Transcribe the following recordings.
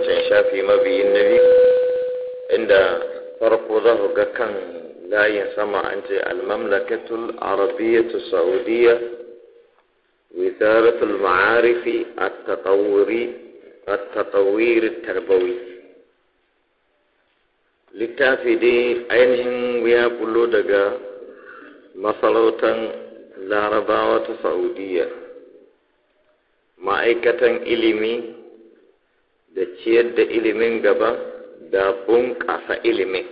wancan shafi mabiyin nabi inda farko za ku ga kan layin sama an ce almamlakatul arabiyyatu saudiya wizaratul ma'arifi a التطوير tarbawi littafi dai ainihin ya bulo daga masarautan larabawa ta saudiya ma'aikatan ilimi da ciyar da ilimin gaba da bunƙasa ilimin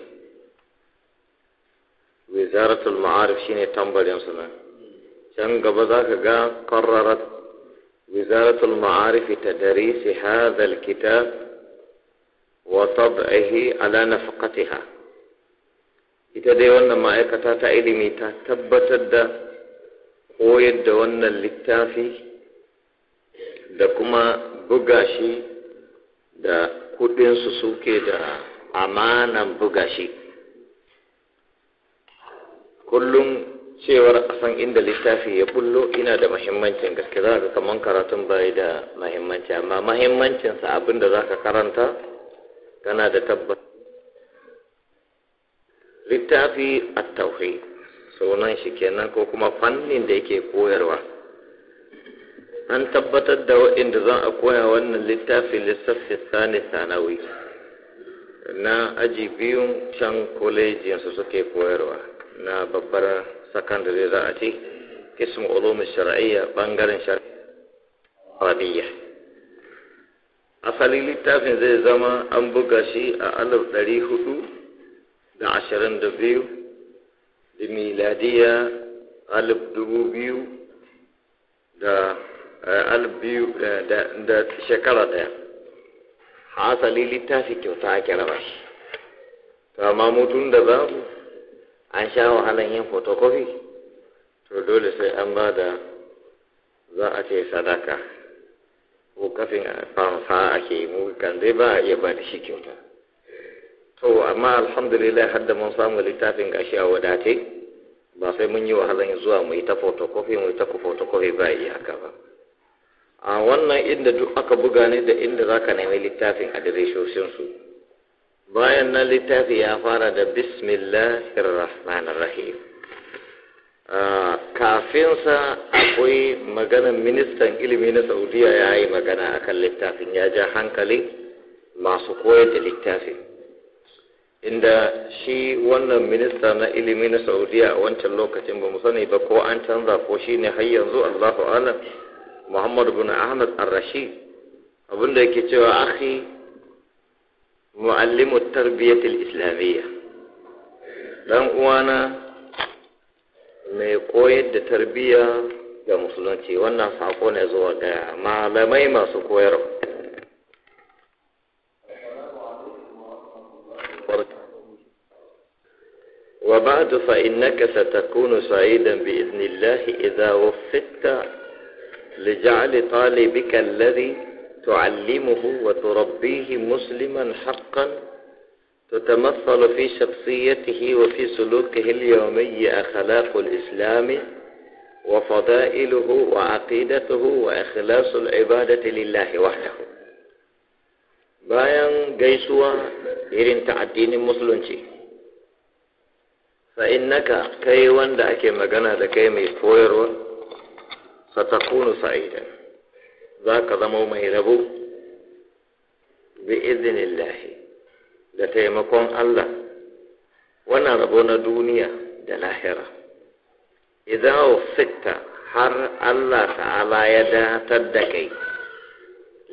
wizaratul ma'arif shine tambarin suna can gaba za ka ga karrarat wizaratul ma'arif ta darisi hadal kita wa tab'ihi ala nafaqatiha ita dai wannan ma'aikata ta ilimi ta tabbatar da koyar da wannan littafi da kuma buga shi da kudinsu suke da amanan buga shi kullum cewar a san inda littafi ya bullo ina da mahimmancin gaske za ka kaman karatun bai da mahimmanci amma mahimmancinsa abinda za ka karanta kana da tabbas littafi a tauhi sunan shi kenan ko kuma fannin da yake koyarwa an tabbatar da waɗanda zan a koya wannan littafin lissafi sani sanawi na aji biyun can kolejinsu suke koyarwa na babbar sakandare za a ce kism ulumi shari'a bangaren shar'iyya asali littafin zai zama an buga shi a alif ɗari hudu da ashirin da biyu da miladiya alif dubu biyu da Eh, alif biyu eh, da shekara ɗaya hasali littafi kyauta ake raba shi to amma mutum da babu an sha wahalan yin photocopy to dole sai an ba da za a ce sadaka ko kafin fa ake mu kan zai ba a iya ba da shi kyauta to amma alhamdulillah har da mun samu littafin gashi a wadatai ba sai mun yi wahalan zuwa mu yi ta photocopy mu yi ta photocopy ba haka ba a wannan inda duk aka buga ne da inda za ka nemi littafin adireshoshinsu. bayan nan littafi ya fara da bismillahir rahmanir rahim kafinsa akwai maganar ministan ilimi na saudiya ya yi magana a kan littafin ya ja hankali masu koyar da littafin inda shi wannan minista na ilimi na saudiya a wancan lokacin ba mu sani ba ko an canza ko shi ne har yanzu allahu alam muhammad bin ahmad ar-rashid abinda yake cewa akhi muallimu tarbiyatul islamiyya dan uwana mai koyar da tarbiyya ga musulunci wannan sako ne zuwa ga malamai masu koyarwa وبعد فإنك ستكون سعيدا بإذن الله إذا وفقت لجعل طالبك الذي تعلمه وتربيه مسلما حقا تتمثل في شخصيته وفي سلوكه اليومي أخلاق الإسلام وفضائله وعقيدته وإخلاص العبادة لله وحده bayan gaisuwa irin ta addinin musulunci fa innaka kai wanda ake magana da kai mai koyarwa satakunu sa'idan za ka zama mai rabo bi iznillahi da taimakon Allah wannan rabo na duniya da lahira idan fitta har Allah ta'ala ya datar da kai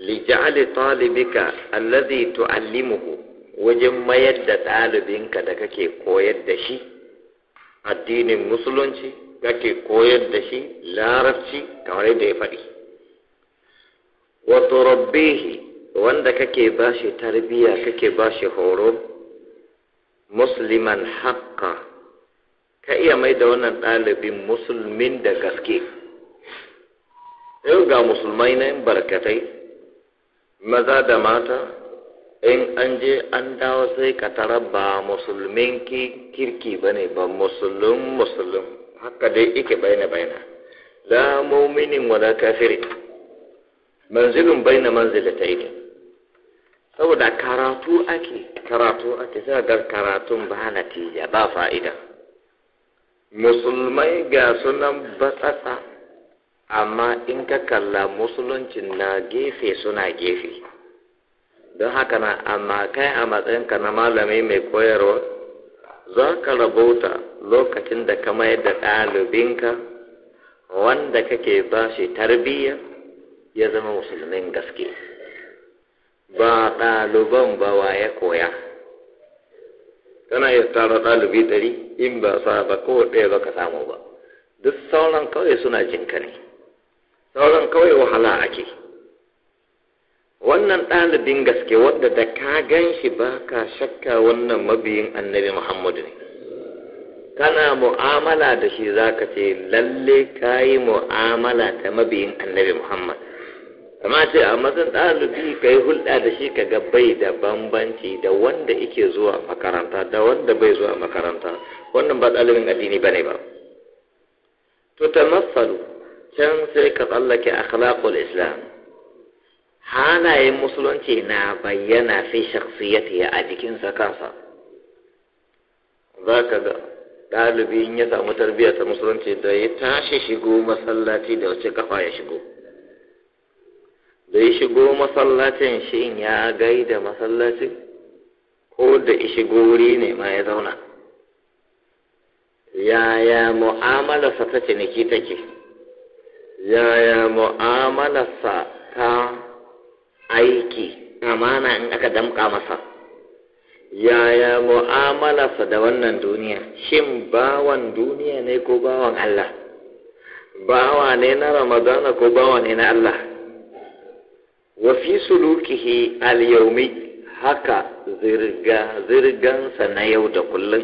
lija'ali talibika alladhi tu'allimuhu wajen mayar da ɗalibinka da kake koyar da shi addinin musulunci kake koyar da shi larabci kamar yadda ya faɗi wato rabbihi wanda kake ba shi tarbiya kake ba shi horo musliman haƙƙa ka iya mai da wannan ɗalibin musulmin da gaske yau ga musulmai na yin barkatai maza da mata in an je an dawo sai ka tara ba musulmin kirki ba ne ba musulun musulun haka dai ike baina baina la mu'minin wala kafirin manzilin baina manzilatayn saboda karatu ake karatu ake sai ga karatun ba tiya ba fa'ida musulmai ga sunan batsatsa amma in ka kalla musuluncin na gefe suna gefe don haka na amma kai a matsayinka na malami mai koyarwa za ka rabauta lokacin da ka mayar da ɗalibinka wanda kake ba shi tarbiyya ya zama musulmin gaske ba ɗaliban ba wa ya koya kana iya tara ɗalibi ɗari in ba sa ba ko ɗaya ba ka samu ba duk sauran kawai suna jinkari sauran kawai wahala ake wannan ɗalibin gaske wadda da ka gan shi ba ka shakka wannan mabiyin annabi muhammadu ne kana mu'amala da shi za ka ce lalle ka yi mu'amala ta mabiyin annabi muhammad Kama'a ce a matsayin ɗalibi ka yi hulɗa da shi ka ga bai da bambanci da wanda ike zuwa makaranta da wanda bai zuwa makaranta wannan ba ɗalibin addini ba ne ba to tamassalu can sai ka tsallake akhlaqul islam halayen musulunci na bayyana fi shakhsiyati a jikinsa kansa za ka ga ɗalibi ya samu tarbiyya ta musulunci da ya tashi shigo masallaci da wace kafa ya shigo da ya shigo masallacin shi ya gaida masallacin, ko da ya shigo wuri ne ma ya zauna yaya mu'amalarsa ta ciniki take yaya mu'amalarsa ta aiki amana in aka damƙa masa yaya mu'amalarsa da wannan duniya shin bawan duniya ne ko bawan Allah bawa ne na ramadana ko bawa ne na Allah wa fi sulukihi al-yawmi haka zirga zirgansa na yau da kullum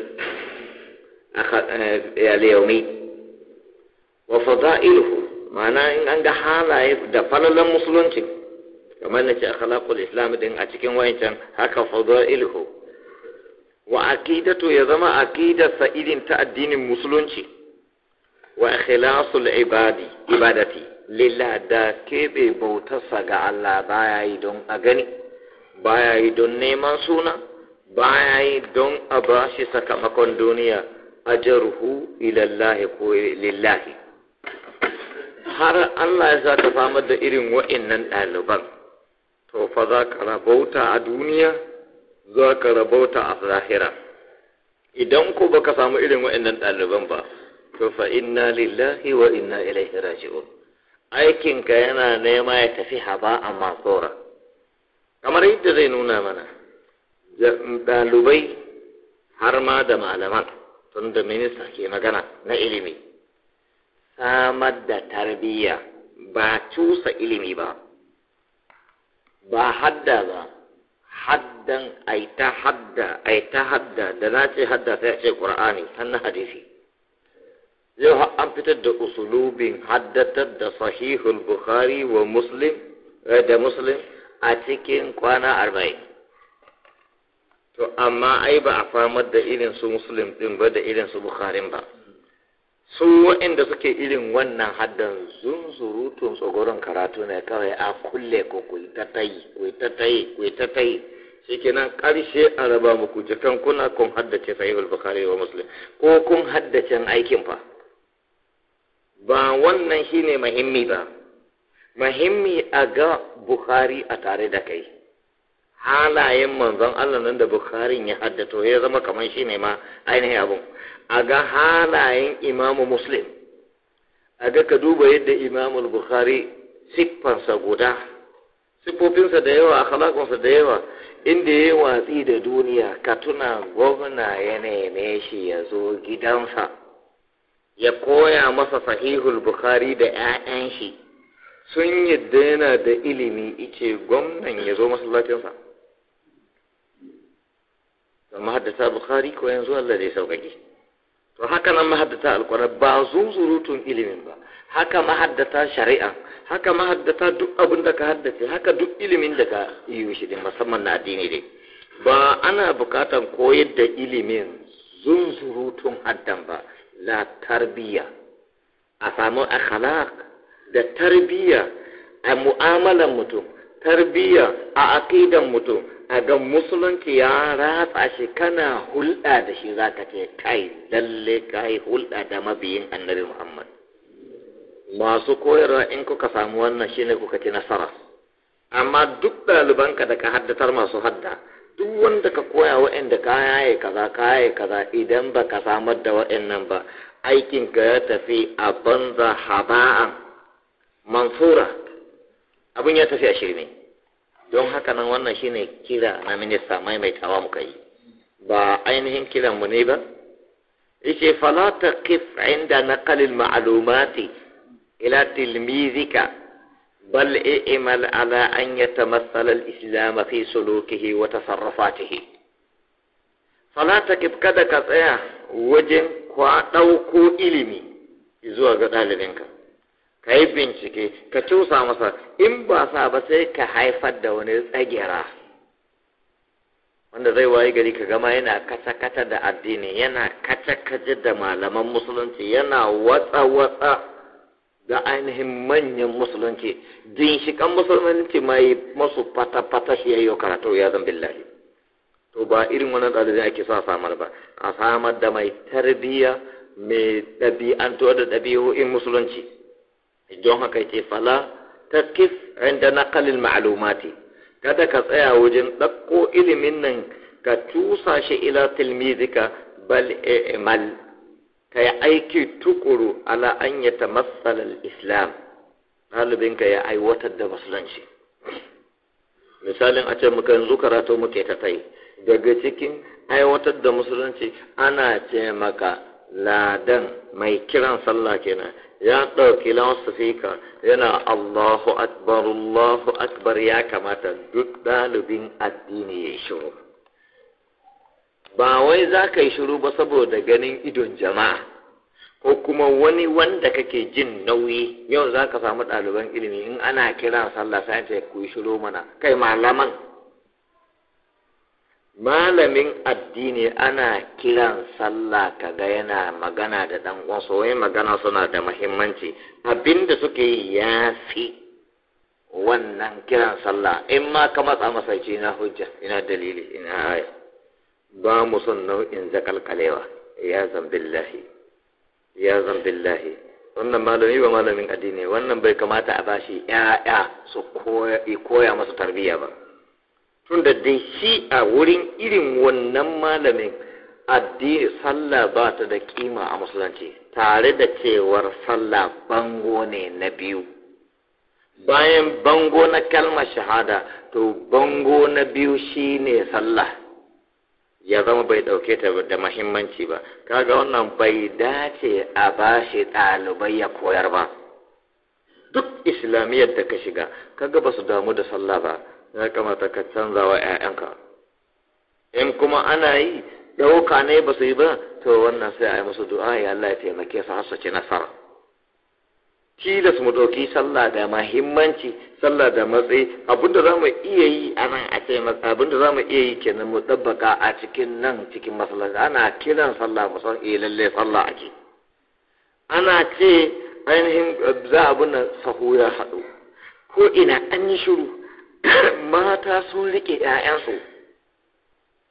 eh, al-yawmi wa fada'iluhu ma'ana in an ga halaye da falalan musulunci kamar na ce akhlaqul islam din a cikin wayancan haka fada'iluhu wa aqidatu ya zama aqidarsa irin ta addinin musulunci wa ikhlasul ibadi ibadati lillah da keɓe bautarsa ga Allah baya yi don a gani baya yi don neman suna baya yi don a shi sakamakon duniya ajaruhu ilallahi ko lillahi har Allah ya sa ta samar da irin wa'innan ɗaliban to fa za ka rabauta a duniya za ka rabauta a zahira idan ko baka samu irin waɗannan ɗaliban ba to fa inna lillahi wa inna ilaihi raji'un aikinka yana nema ya tafi haba amma masora kamar yadda zai nuna mana ɗalibai har ma da malaman tun da minista ke magana na ilimi samar da tarbiyya ba cusa ilimi ba ba hadda ba haddan ai ta hadda ta hadda da na ce hadda sai a ce qur'ani na hadisi yau an fitar da usulubin haddatar da sahihul bukhari wa muslim eh, da muslim a cikin kwana arba'in to amma ai ba a famar da irin su muslim din ba da irin su bukharin ba su waɗanda suke irin wannan haddan zunzurutun tsogoron karatu ne kawai a kulle ko ku ta tayi ta tayi shikenan ƙarshe a raba muku jikan kuna kun haddace al bukhari wa muslim ko kun haddace aikin fa ba wannan shine muhimmi ba muhimmi a ga bukhari a tare da kai halayen manzon Allah nan da Bukhari ya haddato ya zama kamar shine ma ainihin abun a ga halayen imamu muslim a ga ka duba yadda imamu bukhari siffansa guda siffofinsa da yawa akhlaqinsa da yawa inda ya watsi da duniya ka tuna gwamna ya neme shi ya zo gidansa ya koya masa sahihul bukhari da 'ya'yan shi sun yi yana da ilimi ice gwamnan ya zo masallacinsa mahaddata bukhari ko yanzu Allah zai sauƙaƙe to haka nan mahaddata alkwarar ba zuzurutun ilimin ba haka mahaddata shari'a haka mahaddata duk abin da ka haddace haka duk ilimin da ka yi shi din musamman na addini dai ba ana bukatan koyar da ilimin zunzurutun haddan ba la tarbiya a samu akhlaq da tarbiya a mu'amalan mutum tarbiya a aqidan mutum a ga musulunci ya ratsa shi kana hulɗa da shi zaka ce kai lalle kai hulɗa da mabiyin annabi Muhammad masu koyarwa in kuka samu wannan shine kuka ci nasara amma duk ɗalibanka da ka haddatar masu hadda duk wanda ka koya wa'anda ka yaye kaza ka yaye kaza idan ba ka samar da wa'annan ba aikin ka ya tafi a banza haba'an mansura abin ya tafi a shirme don haka nan wannan shine kira na minista tawa mu yi ba ainihin kiran mu ne ba yace fala taqif inda naqalil ma'lumati ila tilmizika bal i'mal ala an yatamassala al-islam fi sulukihi wa tasarrufatihi salata kada ka tsaya wajen kwa ɗauko ilimi zuwa ga ɗalibinka ka yi bincike ka cusa masa in ba sa ba sai ka haifar da wani tsagera wanda zai wayi gari ka gama yana kata da addini yana kata da malaman musulunci yana watsa-watsa ga ainihin manyan musulunci ginshikan musulunci mai masu fata-fata shi yayyo karatu ya zan billahi to ba irin wannan ɗalibin ake sa samar ba a samar da mai tarbiyya mai ɗabi'antu da in musulunci don haka ce fala takis inda kalin ma'alumati kada ka tsaya wajen ɗauko ilimin nan ka tusa shi ila tilmizika bal e'mal ka yi aiki tukuru ala an ya ta matsalar islam ka ya aiwatar da musulunci misalin a ce muka yanzu karatu muke ta tai daga cikin aiwatar da musulunci ana ce maka ladan mai kiran sallah kenan ya ɗauki lausufika yana Allahu akbar Allahu akbar ya kamata duk ɗalibin addini ya shiru ba wai za ka yi shiru ba saboda ganin idon jama'a ko kuma wani wanda kake jin nauyi yau za ka samu ɗaliban ilimi in ana kiran sallah sai ta ku yi shiru mana kai malaman malamin addini ana kiran sallah kaga yana magana da ɗan uwansa wai magana suna da muhimmanci abinda suke yi ya fi wannan kiran sallah in ma ka matsa masa na hujja ina dalili ina aya ba mu son nau'in zakalkalewa ya zambillahi ya zambillahi wannan malami ba malamin addini wannan bai kamata a bashi ya'ya su koya masa tarbiyya ba tunda dai shi a wurin irin wannan malamin addini sallah ba ta da kima a musulunci tare da cewar sallah bango ne na biyu bayan bango na kalmar shahada to bango na biyu shine sallah ya zama bai ɗauke ta da mahimmanci ba kaga wannan bai dace a bashi ɗalibai ya koyar ba duk islamiyyar da ka shiga kaga ba su damu da sallah ba ya kamata ka canza wa 'ya'yanka in kuma ana yi ɗauka ne ba su yi ba to wannan sai a yi musu du'a ya Allah ya taimake su har su ci nasara tilas mu ɗauki sallah da mahimmanci sallah da matsayi abinda za mu iya yi a nan a ce abinda za mu iya yi kenan mu ɗabbaka a cikin nan cikin masallaci ana kiran sallah mu san eh lalle sallah ake ana ce ainihin za abin nan sahu ya haɗu ko ina an yi shiru mata sun riƙe ƴaƴansu.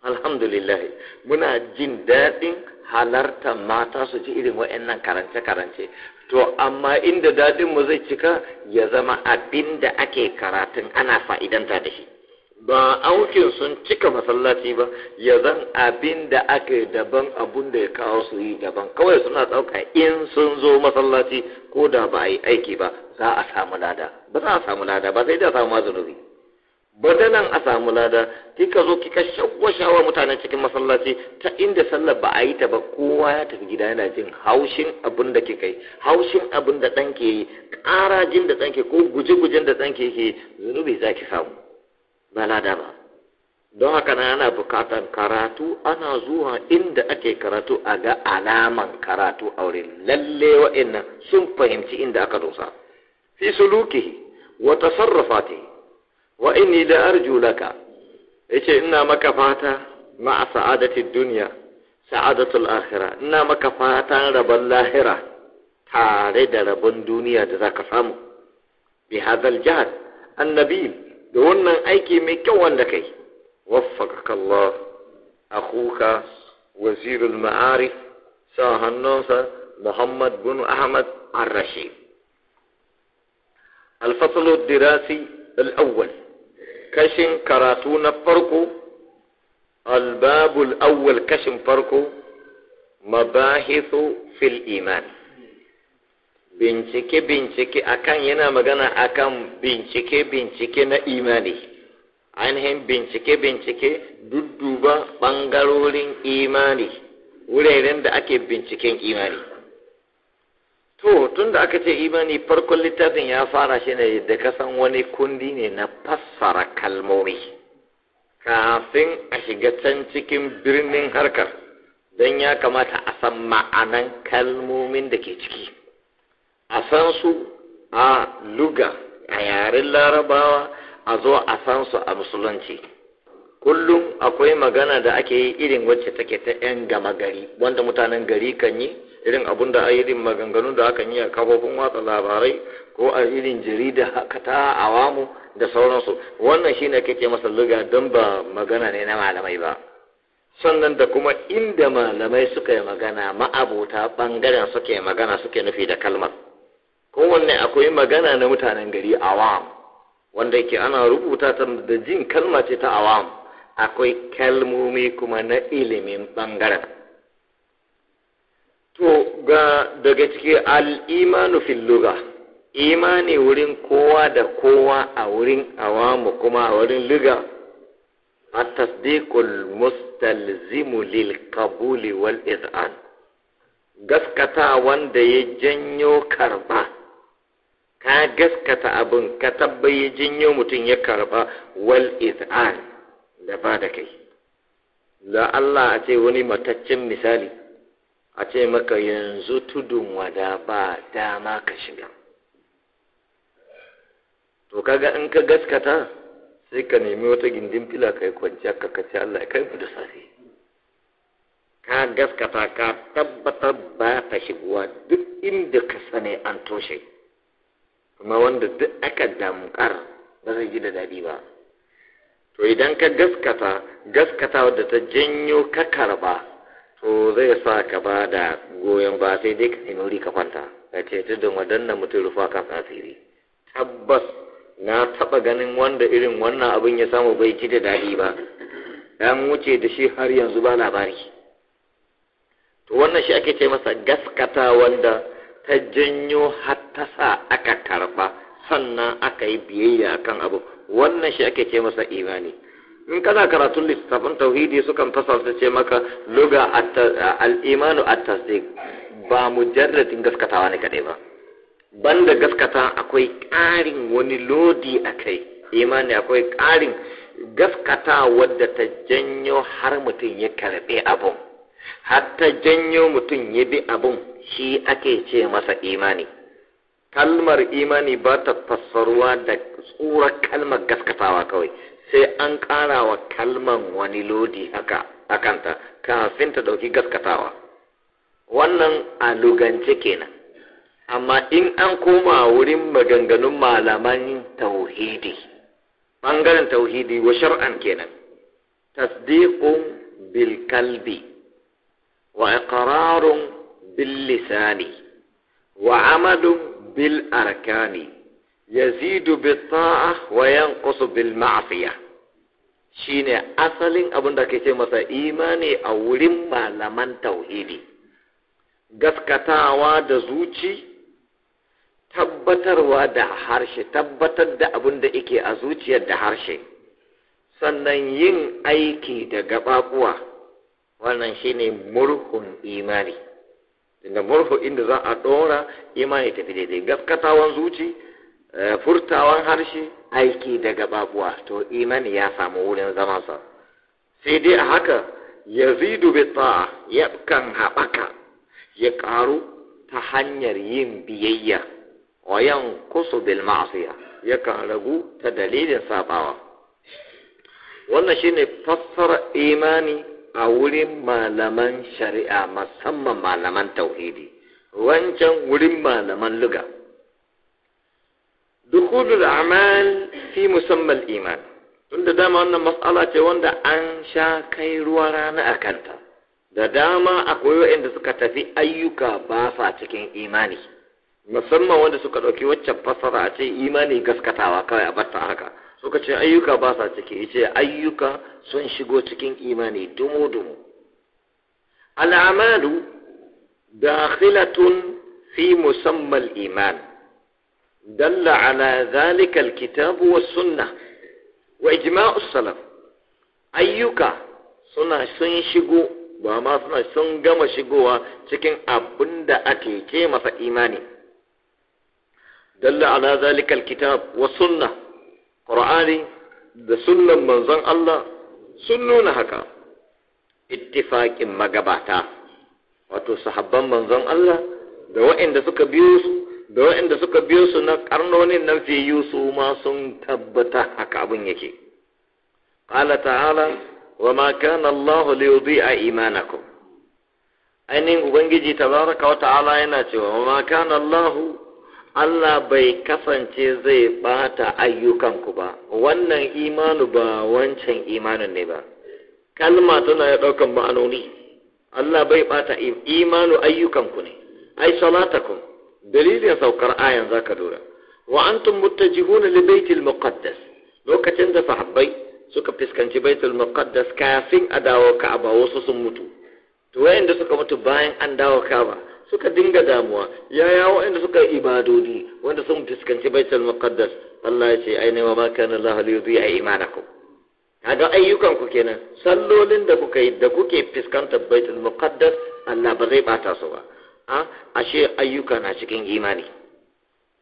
alhamdulillah muna jin daɗin halartar mata su ji irin wa'annan karance-karance to amma inda daɗin mu zai cika ya zama abin da ake karatun ana fa'idanta da shi ba aukin sun cika masallaci ba ya zan abin da aka daban abun da ya kawo su yi daban kawai suna ɗauka in sun zo masallaci ko da ba a yi aiki ba za a samu lada ba za a samu lada ba sai da samu zunubi bada a samu lada kika zo kika shagwashawa mutane mutanen cikin masallaci ta inda sallar ba a yi ta ba kowa ya tafi gida yana jin haushin abin da kika yi haushin abin da ɗan ke yi ƙarajin da ɗan ke ko guje-gujen da ɗan ke yi zunubi za ki samu ba lada ba don haka nan ana buƙatar karatu ana zuwa inda ake karatu a ga alaman karatu a wurin lalle wa'annan sun fahimci inda aka dosa fi sarrafa wa tasarrufatihi وإني لأرجو لك إيش إنا كفاتا مع سعادة الدنيا سعادة الآخرة إنا مكفاتا رب اللاهرة تارد رب الدنيا جزاك فامو بهذا الجهد النبي دون أيكي مكوان لكي وفقك الله أخوك وزير المعارف ساها النوسى محمد بن أحمد الرشيد الفصل الدراسي الأول kashin karatu na farko albabul awwal kashin farko mabahithu fil iman bincike bincike akan yana magana akan bincike bincike na imani ainihin bincike bincike dudduba ɓangarorin imani wuraren da ake binciken imani to tun da aka ce imani farkon littafin ya fara shi ne da kasan wani kundi ne na fassara kalmomi kafin a shiga can cikin birnin harkar don ya kamata a san ma'anan kalmomin da ke ciki a san su a luga a yaren larabawa a zo a san su a musulunci kullum akwai magana da ake yi irin wacce take ta 'yan gama gari wanda mutanen gari kan yi irin abun da irin maganganun da hakan yi a kafofin watsa labarai ko a irin jarida haka ta awamu da sauransu wannan shine kake masa luga don ba magana ne na malamai ba sannan da kuma inda malamai suka yi magana ma'abota bangaren suke magana suke nufi da kalmar kowanne akwai magana na mutanen gari awam wanda yake ana rubuta ta da jin kalma ce ta awam akwai kalmomi kuma na ilimin bangaren to ga daga ciki al'imanu filluga, imani wurin kowa da kowa a wurin awamu kuma a wurin a mustalzimu lil Kabuli Wal iz'an. gaskata wanda ya janyo karba ka gaskata abin ka tabbai ya janyo mutum ya karba wal iz'an da ba da kai la Allah a ce wani mataccen misali a ce maka yanzu tudun wada ba dama ka shiga to kaga in ka gaskata sai ka nemi wata gindin fila ka yi kwanciya ka kace Allah ya kai mu da safe ka gaskata ka tabbatar ba ta shigowa duk inda ka sani an toshe kuma wanda duk aka damkar ba zai ji da daɗi ba to idan ka gaskata gaskata wadda ta janyo ka karba to zai sa ka ba da goyon ba sai dai ka nuri ka kwanta ka ce ta tudun wadannan mutum rufa kan asiri tabbas na taba ganin wanda irin wannan abin ya samu bai ji da daɗi ba dan wuce da shi har yanzu ba labari to wannan shi ake ce masa gaskata wanda ta janyo har ta sa aka karba sannan aka yi biyayya kan abu wannan shi ake ce masa imani in kana karatun littafin tauhidi sukan fasalta ce maka luga al'imanu at tasdiq ba mujarradin gaskatawa ne kadai ba banda gaskata akwai ƙarin wani lodi a kai imani akwai ƙarin gaskata wadda ta janyo har mutum ya karɓe abun har ta janyo mutum ya bi abun shi ake ce masa imani kalmar imani ba ta fassaruwa da tsurar kalmar gaskatawa kawai sai an ƙara wa kalman wani lodi haka akanta kafin ta ɗauki gaskatawa wannan a lugance kenan amma in an koma wurin maganganun malaman tauhidi ɓangaren tauhidi wa shar'an kenan tasdiqun bil kalbi wa iqrarun bil lisani wa amalun bil arkani yazidu bi ta'a wa yanqusu bil shine asalin abin da ke ce masa imani a wurin malaman tauhidi gaskatawa da zuci tabbatarwa da harshe tabbatar da abin da yake a zuciyar da harshe sannan yin aiki da gabakuwa, wannan shine murhun imani inda murhu inda za a ɗora imani tafi daidai gaskatawan zuci Eh, furtawan harshe aiki daga babuwa to imani ya samu wurin zamansa sai dai a haka ya zidu bita ya kan haɓaka ya ƙaru ta hanyar yin biyayya wa yan kusu bil ma'asiya ya kan ragu ta dalilin sabawa wannan shine fassara imani a wurin malaman shari'a musamman malaman tauhidi wancan wurin malaman luga dukhulul amal fi musamman iman tunda dama wannan mas'ala ce wanda an sha kai ruwa rana a kanta da dama akwai waɗanda suka tafi ayyuka ba sa cikin imani musamman wanda suka ɗauki waccan fassara a ce imani gaskatawa kawai a batta haka suka ce ayyuka ba sa ciki ce ayyuka sun shigo cikin imani dumu-dumu al'amalu dakhilatun fi musamman iman dalla ala zalika alkitabu was sunna wa ijma'us salaf ayyuka suna sun shigo ba suna sun gama shigowa cikin abin da ake ce masa imani dalla ala zalika alkitab wa sunna qur'ani da sunnan manzon Allah sun nuna haka ittifaqin magabata wato sahabban manzon Allah da waɗanda suka biyo da waɗanda suka biyo su na karnonin na fiyu su ma sun tabbata haka abin yake qala ta'ala wa ma kana Allah li yudhi'a imanakum ainihin ubangiji tabaraka wa ta'ala yana cewa wa ma kana Allah Allah bai kasance zai bata ayyukanku ba wannan imanu ba wancan imanin ne ba kalma tana ya ɗaukan ma'anoni Allah bai bata imanu ayyukanku ne ai salatakum dalilin saukar ayan zaka dora wa antum muttajihuna li baitil muqaddas lokacin da sahabbai suka fuskanci baitul muqaddas kafin a dawo ka'aba wasu sun mutu to wayanda suka mutu bayan an dawo ka'aba suka dinga damuwa yaya wayanda suka ibadodi wanda sun fuskanci baitul muqaddas Allah ya ce aina wa ma kana Allah li yudhi'a imanakum kaga ayyukan ku kenan sallolin da kuka yi da kuke fuskantar baitul muqaddas Allah ba zai bata su ba ashe ayyuka na cikin imani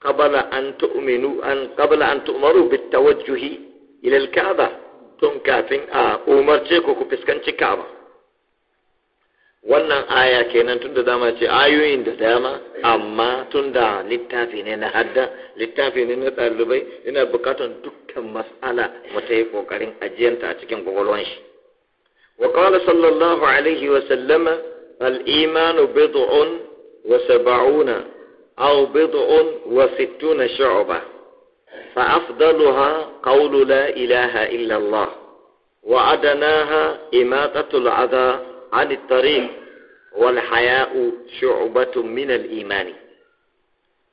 qabla an tu'minu an an tu'maru bit tawajjuhi ila al tun kafin a umarce ku ku fuskanci ka'aba wannan aya kenan tun da dama ce ayoyin da dama amma tun da littafi ne na hadda littafi ne na ɗalibai yana buƙatar dukkan mas'ala mu ta yi ƙoƙarin ajiyanta a cikin ƙwaƙwalwan shi wa qala sallallahu alaihi wa sallama al-imanu bid'un وسبعون أو بضع وستون شعبة فأفضلها قول لا إله إلا الله وأدناها إماتة العذى عن الطريق والحياء شعبة من الإيمان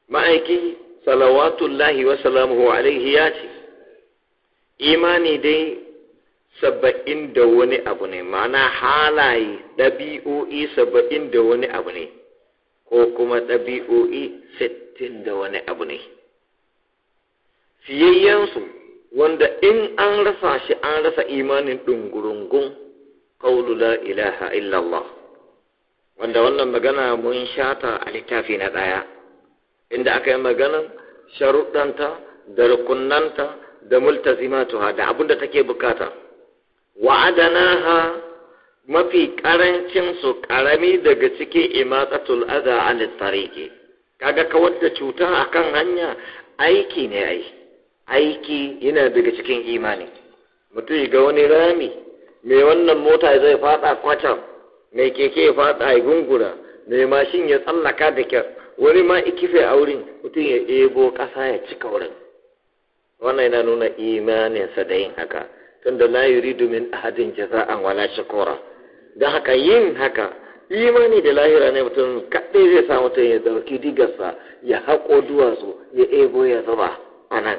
ma'aiki salawatullahi wa salamuhu alaihi ya ce imani dai saba'in da wani abu ne ma'ana halaye ɗabi'o'i saba'in da wani abu ne ko kuma ɗabi'o'i sittin da wani abu ne fiyayyensu wanda in an rasa shi an rasa imanin ɗungurungun ƙaulu la ilaha illallah wanda wannan magana mun shata a littafi na ɗaya inda aka yi maganan sharuɗanta da rukunanta da multazimatuwa da abin da take bukata ha. mafi karancin su karami daga cikin imatsatul adha an tariqi kaga kawar da cuta akan hanya aiki ne ai aiki yana daga cikin imani mutum ga wani rami mai wannan mota zai fada kwatam mai keke ya fada ya gungura mai mashin ya tsallaka da kyar wani ma ikife a wurin mutum ya ebo kasa ya cika wurin wannan yana nuna imaninsa da yin haka tunda la yuridu min ahadin jaza'an wala shakura da haka yin haka imani da lahira ne mutum kaɗai zai sa mutum ya ɗauki digarsa ya haƙo duwatsu ya ebo ya zuba a nan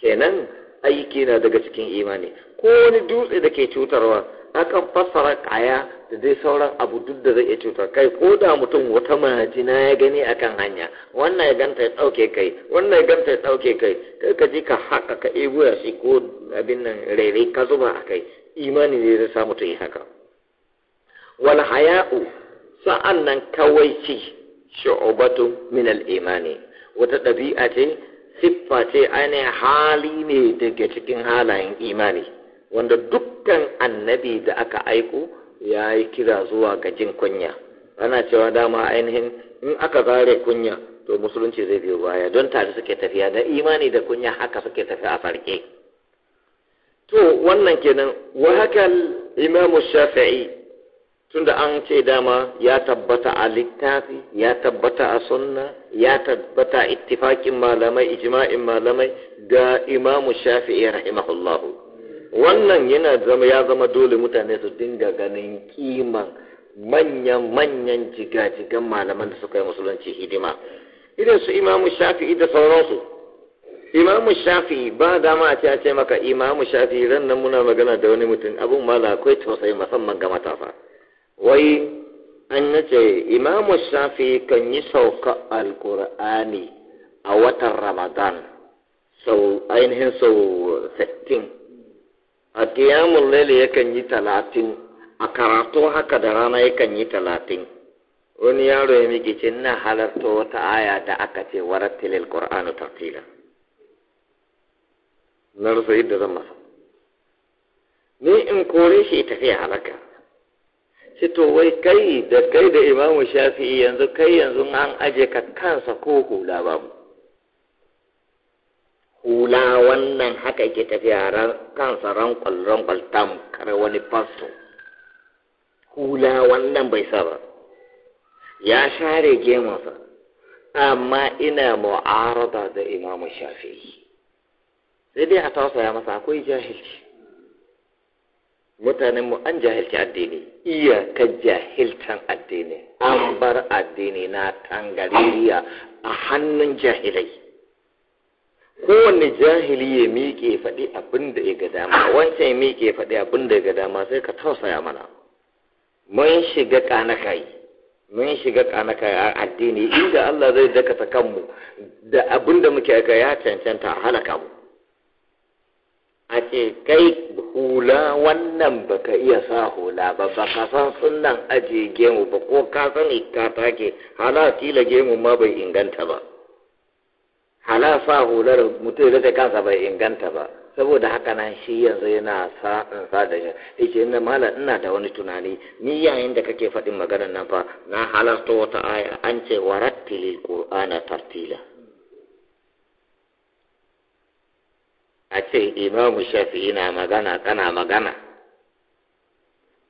kenan aiki na daga cikin imani ko wani dutse da ke cutarwa akan fassara kaya da dai sauran abu duk da zai iya cutar kai ko da mutum wata majina ya gani akan hanya wannan ya ganta ya ɗauke kai wannan ya ganta ya ɗauke kai kai ka je ka haƙa ka ebo ya shi ko abin nan rere ka zuba a kai imani ne zai sa mutum yi haka wal haya'u sa'an kawai kawaici shu'ubatu min al imani wata ɗabi'a ce siffa ce ainihin hali ne daga cikin halayen imani wanda dukkan annabi da aka aiko ya yi kira zuwa ga jin kunya ana cewa dama ainihin in aka zare kunya to musulunci zai biyo baya don tare suke tafiya da imani da kunya haka suke tafiya a farke to wannan kenan wa haka imamu shafi'i tunda an ce dama ya tabbata a littafi ya tabbata a sunna ya tabbata ittifakin malamai ijma'in malamai ga imamu shafi'i rahimahullahu wannan yana zama ya zama dole mutane su dinga ganin kiman manyan manyan jigajigan malaman da suka yi musulunci hidima idan su imamu shafi'i da sauransu imamu shafi'i ba dama a ce a ce maka imamu shafi'i ran nan muna magana da wani mutum abun mala akwai tausayi musamman ga matasa wai an nace imamu shafi kan yi sauka alkur'ani a watan ramadan sau ainihin sau 60 a kiyamun laili yakan yi talatin a karatu haka da rana yakan yi talatin wani yaro ya miki ce na halarta wata aya da aka ce warattilil qur'anu tartila na rasa yadda zan masa ni in kore shi tafiya halaka to wai kai da kai da imamu shafi'i yanzu kai yanzu an aje ka kansa ko hula babu hula wannan haka ke tafiya kansa rankwal rankwal kar wani fasto hula wannan bai saba ya share gemansa amma ina mu'arada da imamu shafi'i sai dai a tausaya masa akwai jahilci mutanen mu an jahilci addini ka jahiltan addini an bar addini na tangaririya a hannun jahilai kowanne jahili ya miƙe faɗi abin da ya ga dama wancan ya miƙe faɗi abin da ya ga dama sai ka tausaya mana mun shiga kanakai mun shiga kanakai a addini inda Allah zai dakata kanmu da abin da muke ga ya cancanta a halaka mu a ce kai hula wannan baka iya sa hula ba baka san sunan aje gemu ba ko ka sani ka take hala tila gemu ma bai inganta ba hala sa hular mutum da kansa bai inganta ba saboda haka nan shi yanzu yana sa in sa da shi yace ina mala ina da wani tunani ni yayin da kake faɗin maganar nan fa na halarta wata aya an ce warattilil qur'ana tartila a ce imamu shafi'i na magana kana magana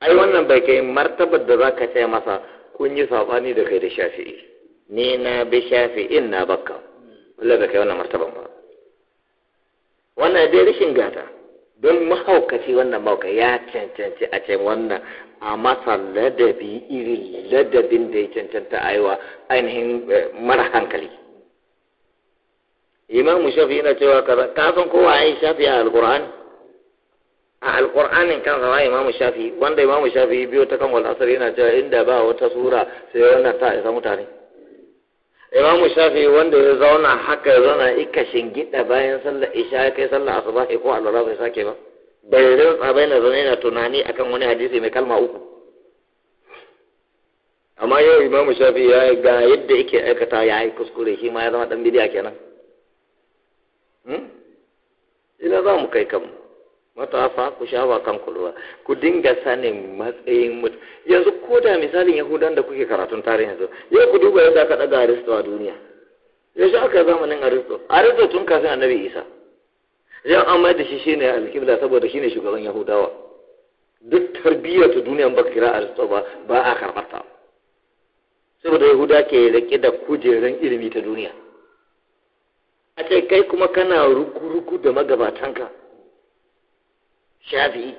ai wannan bai kai martabar da za ka ce masa kun yi saɓani da kai da shafi'i ni na bi shafi'in na bakka wanda bai kai wannan martaban ba wannan dai rashin gata don mahaukaci wannan mauka ya cancanci a ce wannan a masa ladabi irin ladabin da ya cancanta a ainihin eh, mara hankali imamu shafi yana cewa kaza ka san kowa ya yi shafi a alkur'ani a alkur'anin kan zama imamu shafi wanda imamu shafi biyo ta kan wal'asar yana cewa inda ba wata sura sai wannan ta isa mutane imamu shafi wanda ya zauna haka ya zauna ika shingida bayan sallar isha ya kai sallar asuba ko allah bai sake ba bai rantsa bai na zaune na tunani akan wani hadisi mai kalma uku amma yau imamu shafi ya ga yadda yake aikata ya yi kuskure shi ma ya zama dan bidiya kenan Hmm? ina za mu kai kanmu matafa ku shawa kan kulwa ku dinga sanin matsayin mutu yanzu ko da misalin yahudan da kuke karatun tarihin yanzu yau ku duba yadda aka daga aristo a duniya yaushe aka zamanin aristo aristo tun kafin annabi isa yau an mai da shi shi ne alkibla saboda shi ne shugaban yahudawa duk tarbiyyar ta duniya ba kira aristo ba ba a karɓarta saboda yahuda ke rike da kujeran ilimi ta duniya a ce kai kuma kana ruku-ruku da magabatanka shafi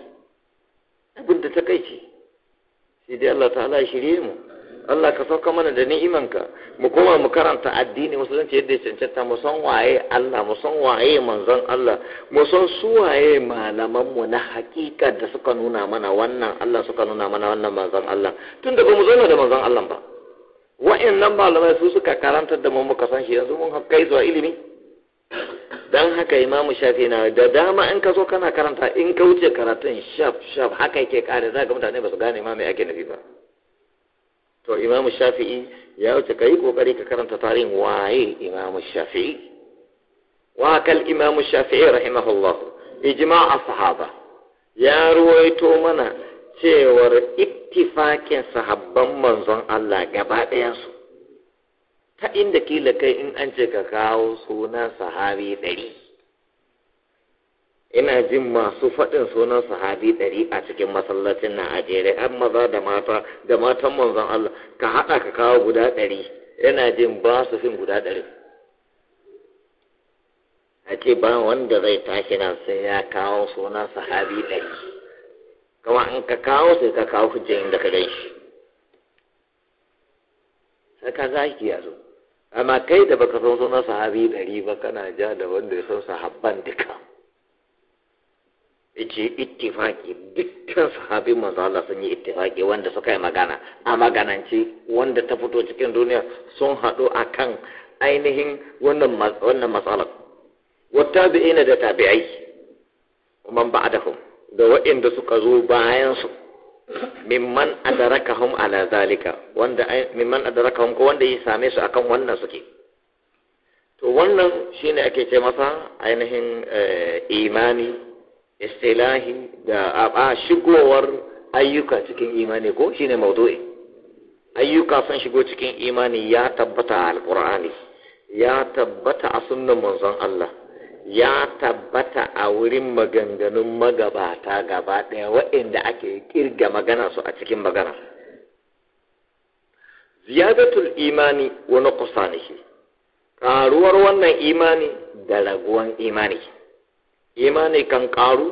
abin da ta kai ce sai dai Allah ta'ala shirye mu Allah ka sauka mana da ni'imanka mu koma mu karanta addini musulunci yadda ya cancanta mu san waye Allah mu san waye manzon Allah mu san su waye malaman mu na hakika da suka nuna mana wannan Allah suka nuna mana wannan manzon Allah tun ba mu zauna da manzon Allah ba wa'annan malamai su suka karanta da mu muka san shi yanzu mun kai zuwa ilimi dan haka imamu shafi na da dama in ka zo kana karanta in ka wuce karatun shaf shaf haka yake kare za ga mutane ba su gane ma me ake nufi ba to imamu shafi'i ya wuce ka yi kokari ka karanta tarihin waye imamu shafi'i wa kal imamu shafi'i rahimahullah ijma' a sahaba ya ruwaito mana cewar ittifakin sahabban manzon Allah gaba ɗayansu ta inda kila kai in an ce ka kawo sunan sahabi ɗari ina jin masu faɗin sunan sahabi ɗari a cikin masallacin na ajere an maza da mata da matan manzon Allah ka haɗa ka kawo guda ɗari ina jin ba su fin guda ɗari a ce ba wanda zai tashi na sai ya kawo sunan sahabi ɗari kuma in ka kawo sai ka kawo hujjar inda ka gan shi sai ka zaki ya zo amma kai da baka san sunan sahabi ɗari ba kana ja da wanda ya san sahabban duka ce ittifaki dukkan sahabi manzo Allah sun yi ittifaki wanda suka yi magana a maganance wanda ta fito cikin duniya sun haɗu akan ainihin wannan wannan matsalar wattabi'ina da tabi'ai kuma ba'dahum da wa'inda suka zo bayan su mimman adarakahum ala zalika wanda mimman adarakahum ko wanda ya same su akan wannan suke to wannan shine ake ce masa ainihin eh, imani istilahi da aba shigowar ayyuka cikin imani ko shine maudu'i ayyuka sun shigo cikin imani ya tabbata a alqur'ani ya tabbata a sunnan manzon Allah ya tabbata a wurin maganganun magabata gaba ɗaya waɗanda ake kirga magana su a cikin magana ziyadatul imani wa shi, ƙaruwar wannan imani da raguwan imani imani kan ƙaru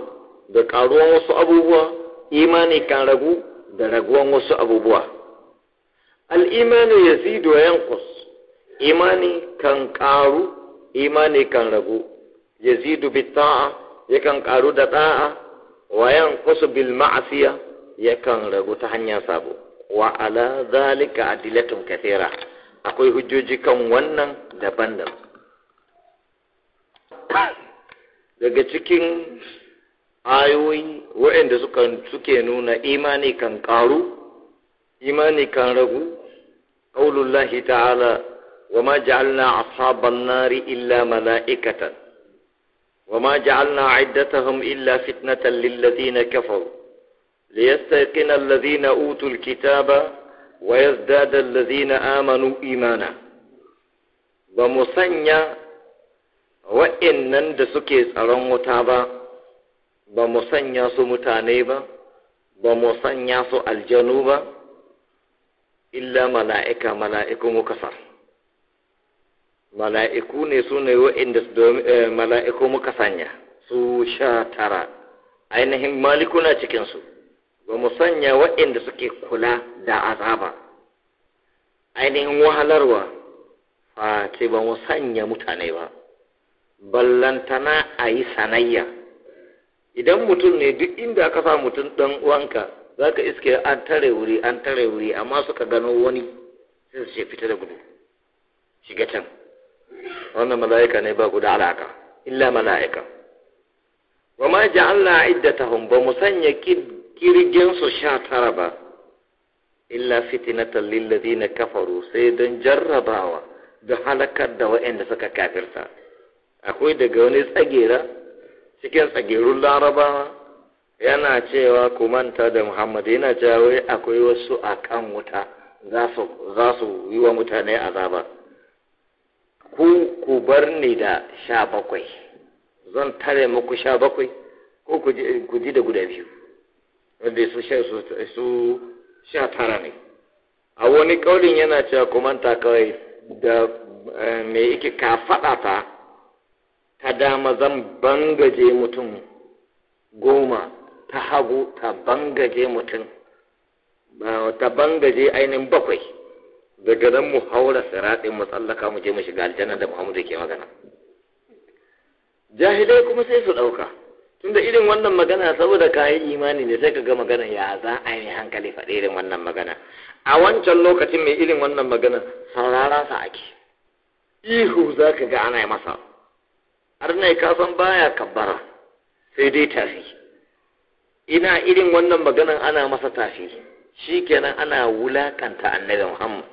da ƙaruwan wasu abubuwa imani kan ragu da raguwan wasu abubuwa Al'imani ya zido yankus, imani kan ƙaru imani kan ragu yazidu bita'a ta'a yakan karu da da'a wa yanqusu bil ma'siya yakan ragu ta hanyar sabo wa ala zalika adilatun kathira akwai hujjoji kan wannan daban-daban daga cikin ayoyi waɗanda suke nuna imani kan karu imani kan ragu ƙaulullahi ta'ala wa ma ja'alna ashaban nari illa mala'ikatan وما جعلنا عدتهم إلا فتنة للذين كفروا ليستيقن الذين أوتوا الكتاب ويزداد الذين آمنوا إيمانا ومسنيا wa'innan da suke tsaron wuta ba ba mu sanya su mutane ba ba mu sanya su aljanu ba illa mala'ika mala'iku muka mala'iku ne su ne wa'inda eh, mala'iku muka sanya su sha tara ainihin malikuna cikinsu ba mu sanya wa'inda suke kula da azaba ainihin wahalarwa a ce ba mu sanya mutane ba ballantana a yi sanayya idan mutum ne duk inda aka sa mutum ɗan uwanka za ka iske an tare wuri an tare wuri amma suka gano wani sai su ce fita da gudu shiga can wannan mala'ika ne ba ku da alaka illa mala'ika wa ma ja'alna iddatahum ba mu sanya kirgin su sha tara ba illa tallin lil ladina kafaru sai don jarrabawa da halakar da waɗanda suka kafirta akwai daga wani tsagera cikin tsagerun larabawa yana cewa ku manta da Muhammad yana cewa akwai wasu akan wuta za su yi wa mutane azaba ku ku bar ni da sha bakwai zan tare muku sha bakwai ko ku ji da guda biyu wanda su sha tara ne a wani kaulin yana cewa kumanta kawai da eh, me yake ka faɗa ta ta dama zan bangaje mutum goma ta hagu ta bangaje mutum ta bangaje ainihin bakwai daga nan mu haura siratin mu tsallaka mu je mu shiga aljanna da Muhammadu ke magana jahilai kuma sai su ɗauka tunda irin wannan magana saboda kayan imani ne sai ka ga magana ya za a yi hankali faɗi irin wannan magana a wancan lokacin mai irin wannan magana saurara sa ake ihu za ka ga ana yi masa har ne ka san baya kabbara sai dai tafi ina irin wannan maganan ana masa tafi shikenan ana wulakanta annabi Muhammad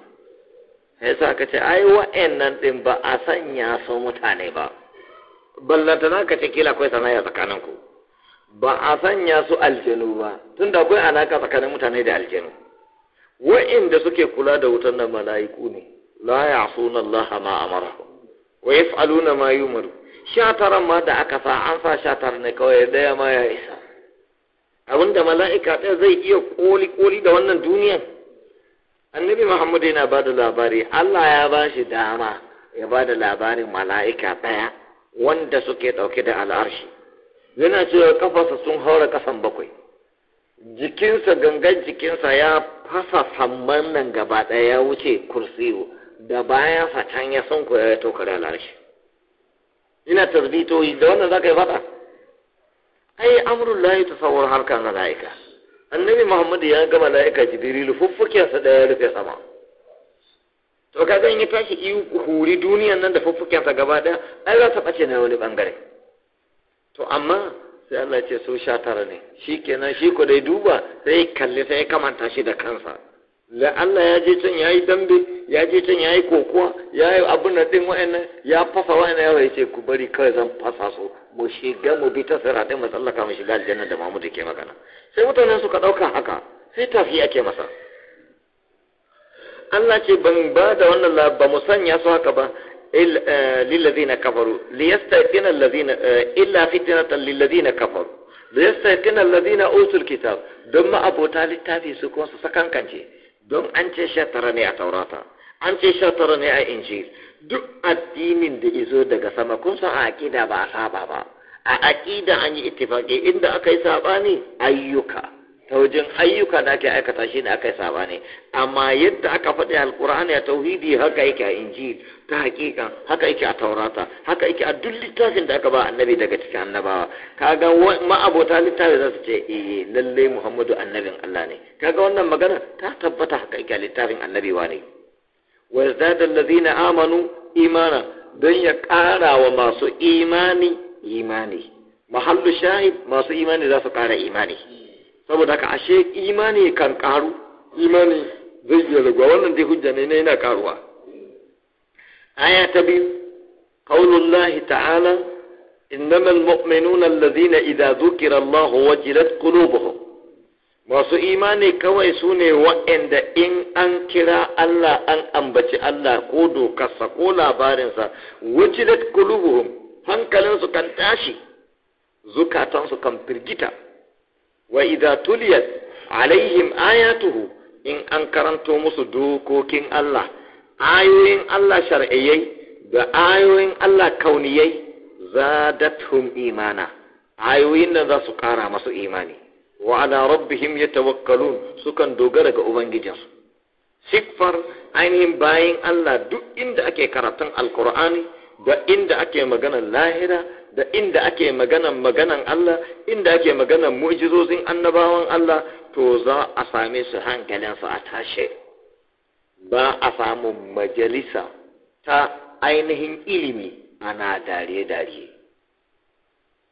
ya sa aka ce ai wa'annan din ba a sanya su mutane ba ballanta na ka ce kila akwai sanaya tsakanin ku ba a sanya su aljanu ba tunda akwai alaka tsakanin mutane da aljanu wa'inda suke kula da wutan nan mala'iku ne la ya'suna Allah ma amara wa yaf'aluna ma yumaru Shataran ma da aka sa an sa shatar ne kawai daya ma ya isa abinda mala'ika ɗaya zai iya koli koli da wannan duniyar? annabi muhammadu yana ba da labari allah ya ba shi dama ya ba da labarin mala'ika ɗaya wanda suke ɗauke da al'arshi yana cewa kafarsa sun haura ƙasan bakwai jikinsa gangan jikinsa ya fasa samman nan gaba ɗaya ya wuce kursiyo da bayan fatan ya san ya da al'arshi ina tasbitoyi da wannan za ka yi fata ai amrul lahi tasawwur harkar mala'ika annabi muhammadu ya ga mala'ika jibrilu fuffukensa ɗaya ya rufe sama to ka zan yi tashi iyu huri duniyan nan da fuffukensa gaba daya ai za ta ɓace na wani bangare to amma sai Allah ce so sha tara ne shi kenan shi ko dai duba sai kalli sai kamanta shi da kansa la Allah ya je can yayi dambe ya je can yayi kokuwa yayi abun da din wa'annan ya fasa wa'annan yawa yace ku bari kawai zan fasa su mu shiga mu bi ta siratin mu sallaka mu shiga aljanna da Mahmud ke magana sai mutanen suka ɗauka haka sai tafi ake masa Allah ce ban ba da wannan ba mu sanya su haka ba eh, lillazina kafaru liyastaqina allazina eh, illa fitnatan lillazina kafaru liyastaqina allazina usul kitab don ma abota littafi su kuma su sakankance don an ce shatara ne a taurata an ce shatara ne a injil duk addinin da izo daga sama kun san a akida ba a saba ba a aƙida an yi ittifaqi inda aka yi saɓani ayyuka ta wajen ayyuka da ake aikata shi ne aka yi saɓani amma yadda aka faɗi alƙur'ani a tauhidi haka yake a injil ta haƙiƙa haka yake a taurata haka yake a duk littafin da aka ba annabi daga cikin annabawa kaga ma'abota littafin za su ce eh lallai muhammadu annabin allah ne kaga wannan magana ta tabbata haka yake a littafin annabi wa ne wa yazdadu allazina amanu imana don ya ƙara wa masu imani imani mahallu shahid masu imani za su ƙara imani saboda ka ashe imani kan ƙaru imani zai iya raguwa wannan dai hujja ne yana ƙaruwa aya ta biyu qaulullahi ta'ala innamal mu'minuna allazina idza dhukira allahu wajilat qulubuhum masu imani kawai sune ne wa'anda in an kira Allah an ambaci Allah ko dokarsa ko labarinsa wajilat qulubuhum hankalinsu kan tashi zukatansu kan firgita wa idza tuliyat alaihim ayatuhu in an karanto musu dokokin Allah ayoyin Allah shar'iyyai da ayoyin Allah kauniyai zadatuhum imana ayoyin nan za su kara masu imani wa ala rabbihim yatawakkalun sukan dogara ga ubangijinsu sikfar ainihin bayan Allah duk inda ake karatun alkur'ani da inda ake magana lahira da inda ake maganan maganan Allah inda ake magana mu'jizozin annabawan Allah to za a same su hankalinsu a tashe ba a samu majalisa ta ainihin ilimi ana dariye-dariye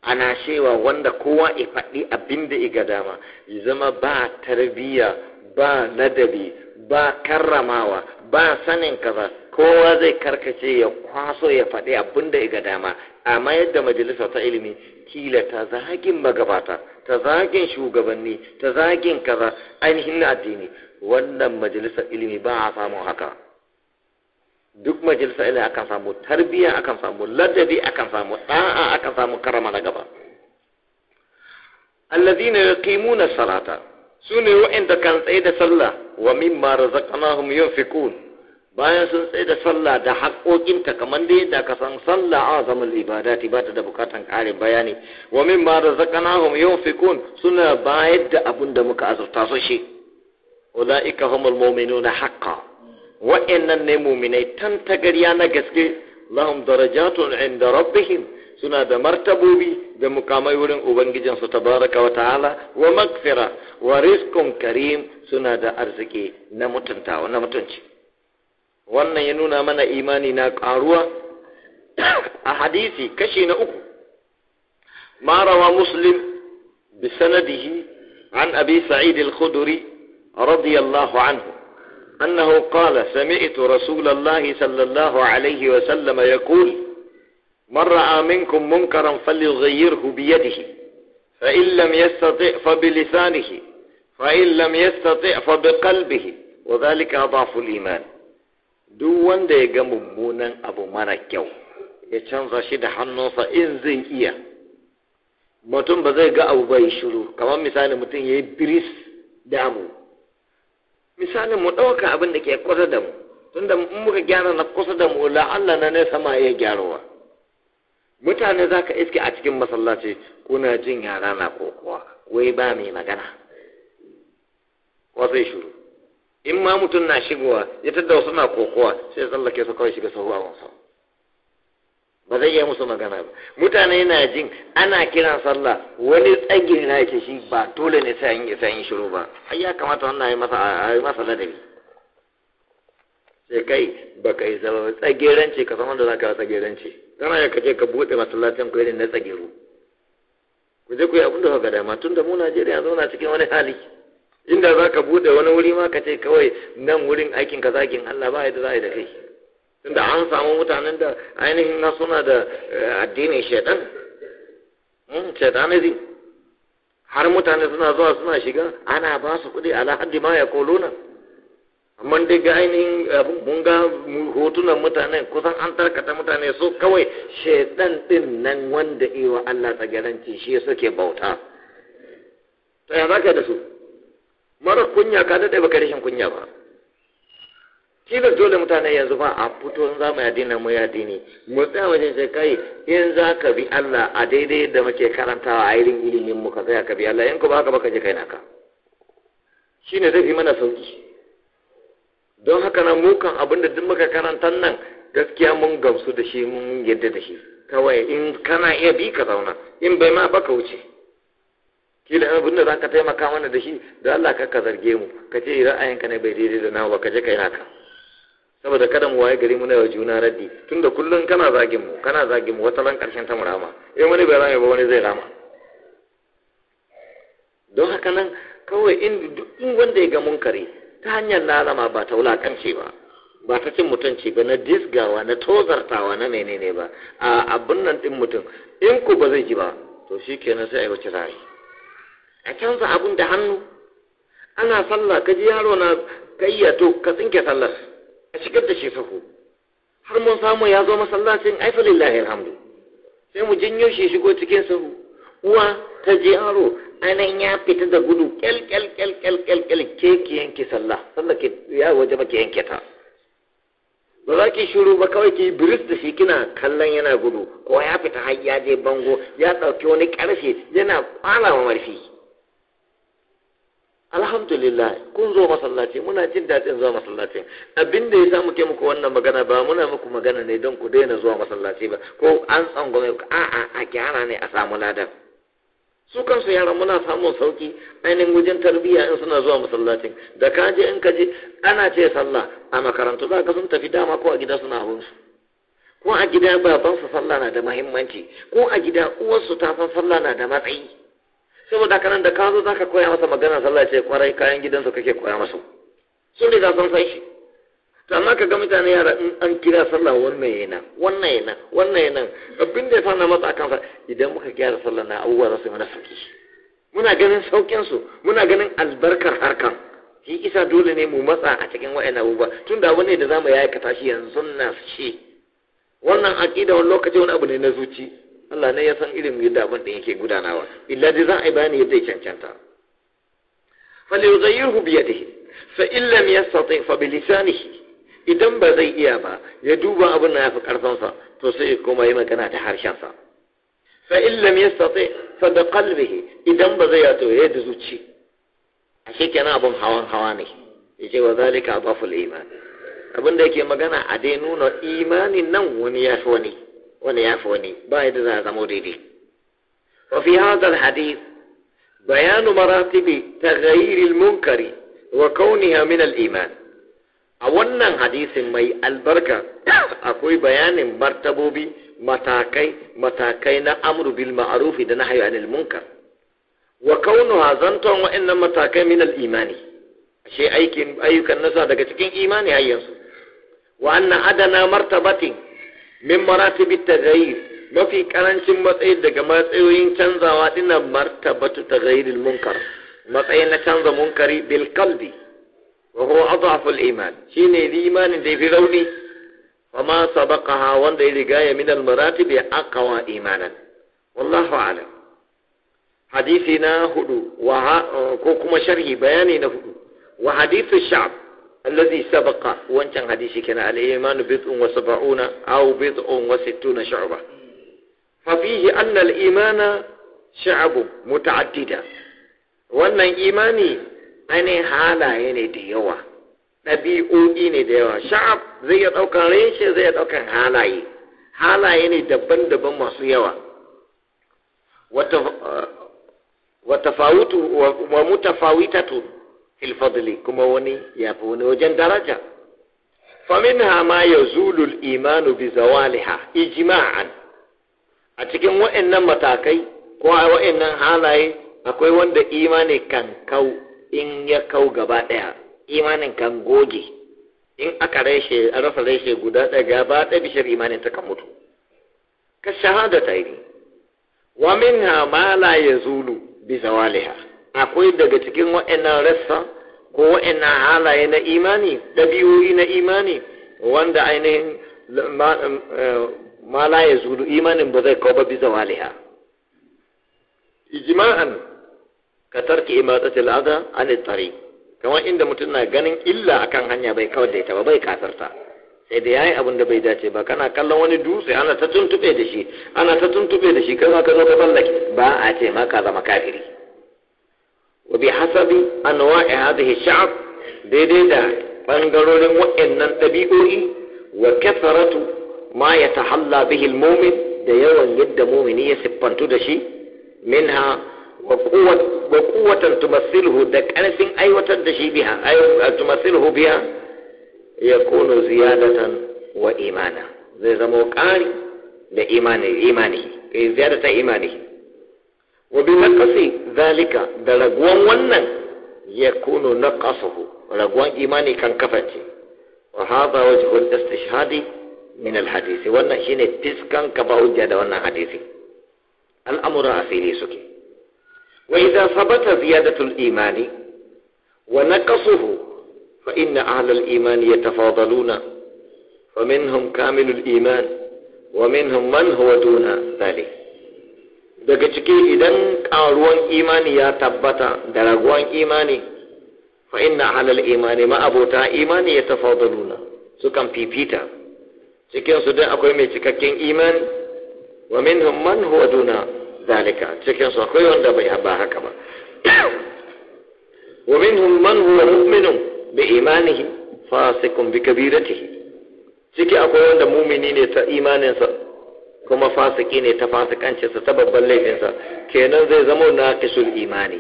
ana cewa wanda kowa ya faɗi abin da iga dama zama ba tarbiyya ba ladabi ba karramawa ba sanin kaza kowa zai karkace ya kwaso ya faɗi abin da ga dama amma yadda majalisa ta ilimi kila ta zagin magabata ta zagin shugabanni ta zagin kaza ainihin na addini wannan majalisar ilimi ba a samun haka duk majalisar ilimi akan samu tarbiyya akan samu ladabi akan samu ɗa'a akan samu karama na gaba allazina yuqimuna salata sune wa'inda kan tsaye da sallah wa mimma razaqnahum yunfiqun bayan sun tsaye da sallah da haƙoƙinta kamar da yadda ka san sallah a zaman ibadati ba ta da bukatan ƙarin bayani wa min ma da zakanahum yunfikun suna bayar da abun da muka azurta su shi ulaika humul mu'minuna haqqan wa'annan ne mu'minai tan gariya na gaske lahum darajatun inda rabbihim suna da martabobi da mukamai wurin ubangijin su tabaraka wa ta'ala wa makfira wa rizqun karim suna da arziki na mutuntawa na mutunci wannan ya nuna mana imani na ƙaruwa a hadisi kashi na uku ma rawa muslim bisanadihi an abi sa'id al-khudri radiyallahu anhu أنه قال سمعت رسول الله صلى الله عليه وسلم يقول من رأى منكم منكرا فليغيره بيده فإن لم يستطع فبلسانه فإن لم يستطع فبقلبه وذلك أضعف الإيمان duk wanda ya ga mummunan abu mara kyau ya canza shi da hannunsa in zai iya mutum ba zai ga abu bai shiru kamar misali mutum ya yi biris da mu misali mu ɗauka abin da ke kusa da mu tunda in muka gyara na kusa da mu la'alla na nesa ma iya gyarowa mutane za ka iske a cikin masallaci kuna jin yara na kokowa wai ba mai magana ko sai shiru in ma mutum na shigowa ya tadda wasu na kokowa sai tsallake su kawai shiga sahu a wansa ba zai iya musu magana ba mutane na jin ana kiran sallah wani tsagiri na yake shi ba dole ne sai yi sai shiru ba ai ya kamata wannan yi masa a yi masa ladabi sai kai ba kai zama tsagiranci ka san da za ka yi tsagiranci kana ya kace ka buɗe masallacin ku irin na tsagiru ku je ku yi abin da ka dama tun da mu Najeriya zauna cikin wani hali inda za ka buɗe wani wuri ma ka ce kawai nan wurin aikin ka zagin Allah ba yadda za a da kai tunda an samu mutanen da ainihin na suna da eh, addinin shaitan hmm, shaidanizm har mutane suna zuwa suna shiga ana ba su kuɗi ala haddi ma ya koluna amma dai ga ainihin eh, mun ga hotunan mutane kusan an tarkata mutane so kawai shaiɗan din nan wanda iwa Allah tsagaranci shi suke bauta to ya zaka da su mara kunya ka daɗe baka rashin kunya ba kila dole mutane yanzu ba a fito in za mu yadina mu yadini mu tsaya wajen sai kai in za ka bi Allah a daidai da muke karantawa a irin ilimin mu ka tsaya ka bi Allah in ko ba ka je kai naka shine zai fi mana sauki don haka nan mu kan abin da duk muka karantar nan gaskiya mun gamsu da shi mun yadda da shi kawai in kana iya bi ka zauna in bai ma baka wuce kila abin da ka taimaka mana da shi da Allah ka ka zarge mu ka ce ra'ayinka ne bai daidai da nawa ba ka je kai haka saboda kada mu waye gari muna yawa juna raddi tunda kullun kana zagin mu kana zagin mu wata ran karshen ta murama eh wani bai rame ba wani zai rama don haka nan kawai in duk wanda ya ga munkari ta hanyar lalama ba ta wulakance ba ba ta cin mutunci ba na disgawa na tozartawa na menene ba a abin nan din mutum in ku ba zai ji ba to shi kenan sai a yi wace rayu a canza abun da hannu ana sallah ka ji yaro na kayyato ka tsinke sallar a shigar da shi sako har mun samu ya zo masallacin aifalillahi alhamdu sai mu jinyo shi shigo cikin sahu uwa ta ji yaro anan ya fita da gudu kyal kyal kyal kyal kyal kyal ke ki yanke sallah sallah ke ya waje ba ki yanke ta ba za ki shiru ba kawai ki biris da shi kina kallon yana gudu ko ya fita har ya je bango ya ɗauki wani ƙarfe yana ƙwala wa marfi alhamdulillah kun zo masallaci muna jin daɗin zuwa masallacin Abinda ya sa muke muku wannan magana ba muna muku magana ne don ku daina zuwa masallaci ba ko an tsangwame ku a'a a gyara ne a samu ladan su kansu yaran muna samun sauki ainihin wajen tarbiyya in suna zuwa masallacin da ka je in ka ji ana ce sallah a makarantu za ka sun tafi dama ko a gida suna hunsu ko a gida babansu sallah na da mahimmanci, ko a gida uwarsu ta san sallah na da matsayi saboda kanan da ka zo za ka koya masa magana sallah ce kwarai kayan gidansa kake koya masa sun riga sun san shi to amma ka ga mutane yara in an kira sallah wannan yana wannan yana wannan yana abin da ya fara masa akan sa idan muka gyara sallah na abubuwa za su yi mana sauki muna ganin saukin su muna ganin albarkar harkan shi isa dole ne mu matsa a cikin wa'in abubuwa tun da wani da zamu yi aikata shi yanzu na shi wannan aqida wani lokaci wani abu ne na zuci Allah ne ya san irin yadda abin da yake gudanawa illa dai za a yi bayani yadda ya cancanta falyughayyirhu bi yadihi fa in yastati fa bi lisanihi idan ba zai iya ba ya duba abin da yafi karfin sa to sai kuma yi magana da harshen sa fa in lam yastati fa da qalbihi idan ba zai ya ya da zuci ashe kenan abin hawan hawa ne yace wa zalika adaful iman abin da yake magana a dai nuna imanin nan wani ya fi wani wani ya fi wani ba ya da zama zama daidai wafi hadar hadisi. bayanu maratibi ta ghairil munkari wa kauniha min iman a wannan hadisin mai albarka akwai bayanin martabobi matakai matakai na amru bil ma'ruf da nahyi anil munkar wa kaunuha zanton wa innan matakai min imani shi aikin ayyukan nasa daga cikin imani hayyansu wa anna adana martabatin من مراتب التغيير ما في كرانشين متأيد كما تأيوين تنزى واتنا مرتبة تغيير المنكر ما تأيينا تنزى منكري بالقلب وهو أضعف الإيمان شين ذي إيمان ذي في ذوني وما سبقها وان ذي من المراتب أقوى إيمانا والله أعلم حديثنا هدو وكوكما شرحي بياننا هدو وحديث الشعب alazi sabaka wancan hadisi kana alayhi imanu bi wasu ba'una awu bi wasu tuna sha'uba fafihi annal imana sha'abu wannan imani ainihin halaye ne da yawa ɗabi'o'i ne da yawa sha'ab zai iya ɗaukan reshe zai iya ɗaukan halaye halaye ne daban daban masu yawa ilfadili kuma wani ya fi wani wajen daraja faminha ma ya zulul imanu bi zawaliha ijma'an a cikin wa'annan matakai ko a wa'annan halaye akwai wanda imani kan kau in ya kau gaba ɗaya imanin kan goge in aka reshe a rasa reshe guda ɗaya gaba ɗaya bishiyar imanin ta kan mutu ka shahada ta yi wa minha ma la zulu bi zawaliha akwai daga cikin wa'annan rassa ko wa'annan halaye na imani ɗabi'o'i na imani wanda ainihin ma eh, ya zulu imanin ba zai kawo ba bisa waliha ijma'an ka tarki imatatil adha an tariq kamar inda mutum na ganin illa akan hanya bai kawar da ita ba bai kasarta sai da yayi abin da bai dace ba kana kallon wani dutse ana ta tuntube da shi ana ta tuntube da shi kai ka zo ka ba a ce ma ka zama kafiri wa bi hasabi anwa'i hadhihi sha'ab daidai da bangarorin wa'annan ɗabi'o'i wa katharatu ma yatahalla bihi al-mu'min da yawan yadda mu'mini ya siffantu da shi minha wa quwwat wa quwwatan tumassiluhu da ƙarfin aiwatar da shi biha tumassiluhu wa imana zai ƙari da imani وبنقص ذلك درجوان ونن يكون نقصه رجوان إيماني كان كفتي وهذا وجه الاستشهاد من الحديث وانا شيني تسكن كبا وجد وانا حديثي الأمر أسيري سكي وإذا ثبت زيادة الإيمان ونقصه فإن أهل الإيمان يتفاضلون فمنهم كامل الإيمان ومنهم من هو دون ذلك daga ciki idan karuwan imani ya tabbata da raguwan imani fa inna halal imani ma abota imani ya tafadaluna sukan fifita cikin su dai akwai mai cikakken imani wa minhum man huwa duna zalika cikin su akwai wanda bai ba haka ba wa minhum man huwa mu'minun bi imanihi fasikun bi kabiratihi ciki akwai wanda mumini ne ta imaninsa kuma fasiki ne ta sa ta babban laifin sa kenan zai zama naqisul imani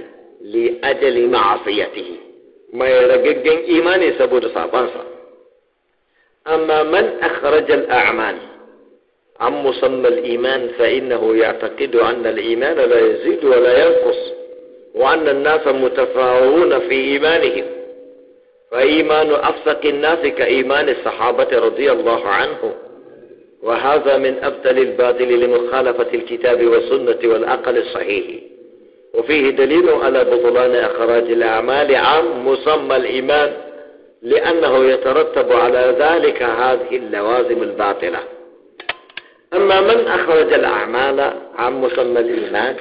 li ajali ma'asiyatihi mai ragaggen imani saboda sa amma man akhraja al-a'mal am musamma al-iman fa innahu ya'taqidu anna al-iman la yazid wa la yanqus wa anna an nas mutafawwiruna fi imanihim fa imanu afsaqi an-nasi ka imani as-sahabati radiyallahu anhu وهذا من أبدل الباطل لمخالفة الكتاب والسنة والعقل الصحيح وفيه دليل على بطلان إخراج الأعمال عن مسمى الإيمان لأنه يترتب على ذلك هذه اللوازم الباطلة أما من أخرج الأعمال عن مسمى الإيمان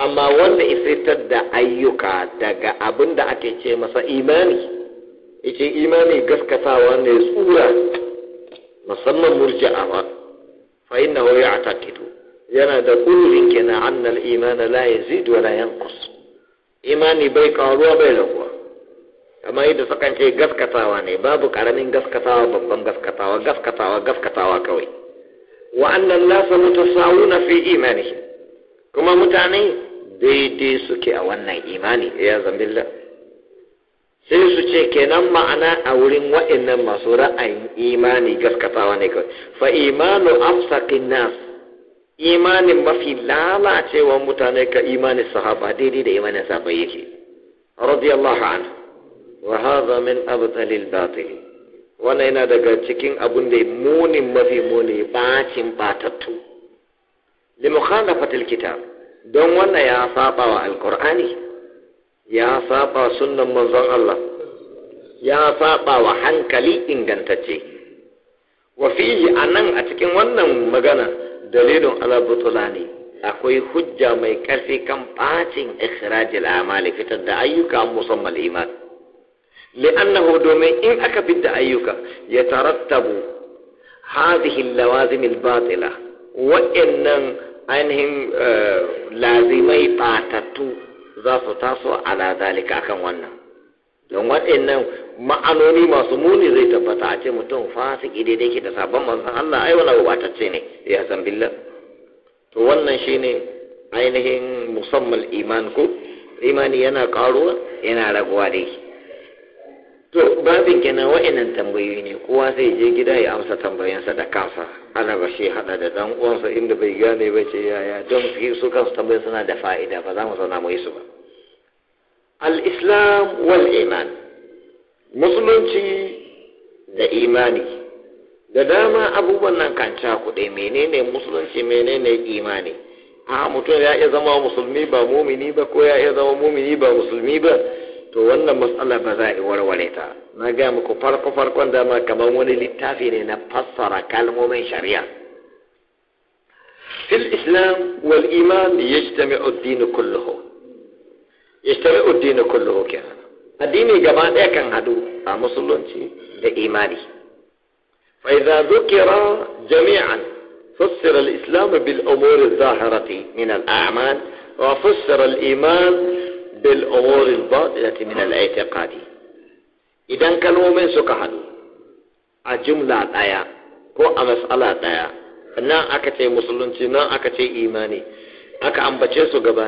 أما ون isitar da ayyuka أبن دعك إيماني إيماني قسكتا وأن يسؤولا musamman murji'a ba fa a ya'taqidu yana da kullin kenan anna al-iman la yazid wa la yanqus imani bai karuwa bai raguwa kamar yadda sukan ce gaskatawa ne babu karamin gaskatawa babban gaskatawa gaskatawa gaskatawa kawai wa annan lasa mutasawuna fi imani kuma mutane daidai suke a wannan imani ya zambilla sai su ce kenan ma'ana a wurin wa'annan masu ra'ayin imani gaskatawa ne kawai fa imanu afsaqin nas imanin mafi lalacewa mutane ka imanin sahaba daidai da imanin sahaba yake radiyallahu anhu wa hadha min abdalil batil wannan yana daga cikin abun da munin mafi muni bacin batattu li kitab don wannan ya saba wa alqur'ani ya saba sunnan manzon Allah ya saba wa hankali ingantacce wa fihi anan a cikin wannan magana dalilin ala butulani akwai hujja mai karfi kan bacin ikhrajil amali fitar da ayyuka musamman iman li'annahu domin in aka fidda ayyuka ya tarattabu hadhihi lawazim al-batila wa'annan ainihin eh, lazimai batatu. za su taso ala zalika akan wannan don waɗannan ma'anoni masu muni zai tabbata a ce mutum fasiki daidai ke da sabon manzon Allah ai wani wabatacce ne ya san billah to wannan shine ainihin musamman iman ko imani yana karuwa yana raguwa dai to babin kenan wa'annan tambayoyi ne kowa zai je gida ya amsa tambayansa da kansa ana ba shi hada da dan uwansa inda bai gane ba ce yaya don su kansu tambayoyi suna da fa'ida ba za mu zauna mu yi su ba al waliman, wal iman musulunci da imani da dama abubuwan nan kan cakuɗe menene musulunci menene imani a mutum ya iya zama musulmi ba mumini ba ko ya iya zama mumini ba musulmi ba to wannan matsala ba za a warware ta na gaya muku farko farkon dama kamar wani littafi ne na fassara kalmomin shari'a fil islam wal iman yajtami'u ad kulluhu ishtari uddini kullu kenan addini gaba ɗaya kan hadu a musulunci da imani fa idza dhukira jami'an fassara al-islam bil umur adh-dhahirati min al wa fassara iman bil umur adh-batinati min al-i'tiqad idan kalmomin suka hadu a jumla ɗaya ko a mas'ala ɗaya nan aka musulunci nan imani aka ambace su gaba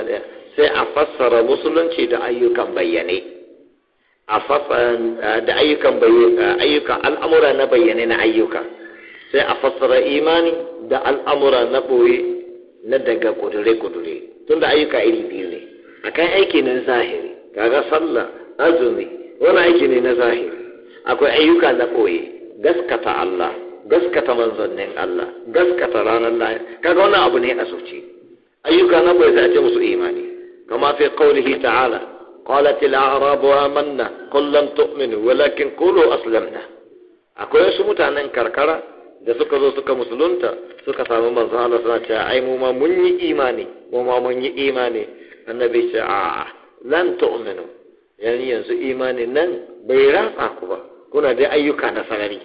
sai a fassara musulunci da ayyukan bayyane a eh, da ayyukan eh, ayyukan al'amura na bayyane na ayyuka sai a fassara imani da al'amura na ɓoye na daga kudure-kudure tunda ayyuka iri biyu ne akan aiki na zahiri kaga sallah azumi wani aiki ne na zahiri akwai ayyuka na ɓoye gaskata Allah gaskata manzannin Allah gaskata ranar lahir kaga wannan abu ne a zuci ayyuka na ɓoye za a ce musu imani كما في قوله تعالى قالت الأعراب آمنا قل لم تؤمنوا ولكن قولوا أسلمنا akwai wasu mutanen karkara da suka zo suka musulunta suka samu manzo Allah suna cewa ai mu ma mun yi imani mu ma mun yi imani annabi ce a lan tu'minu yani yanzu imani nan bai ratsa ku ba kuna da ayyuka na sarari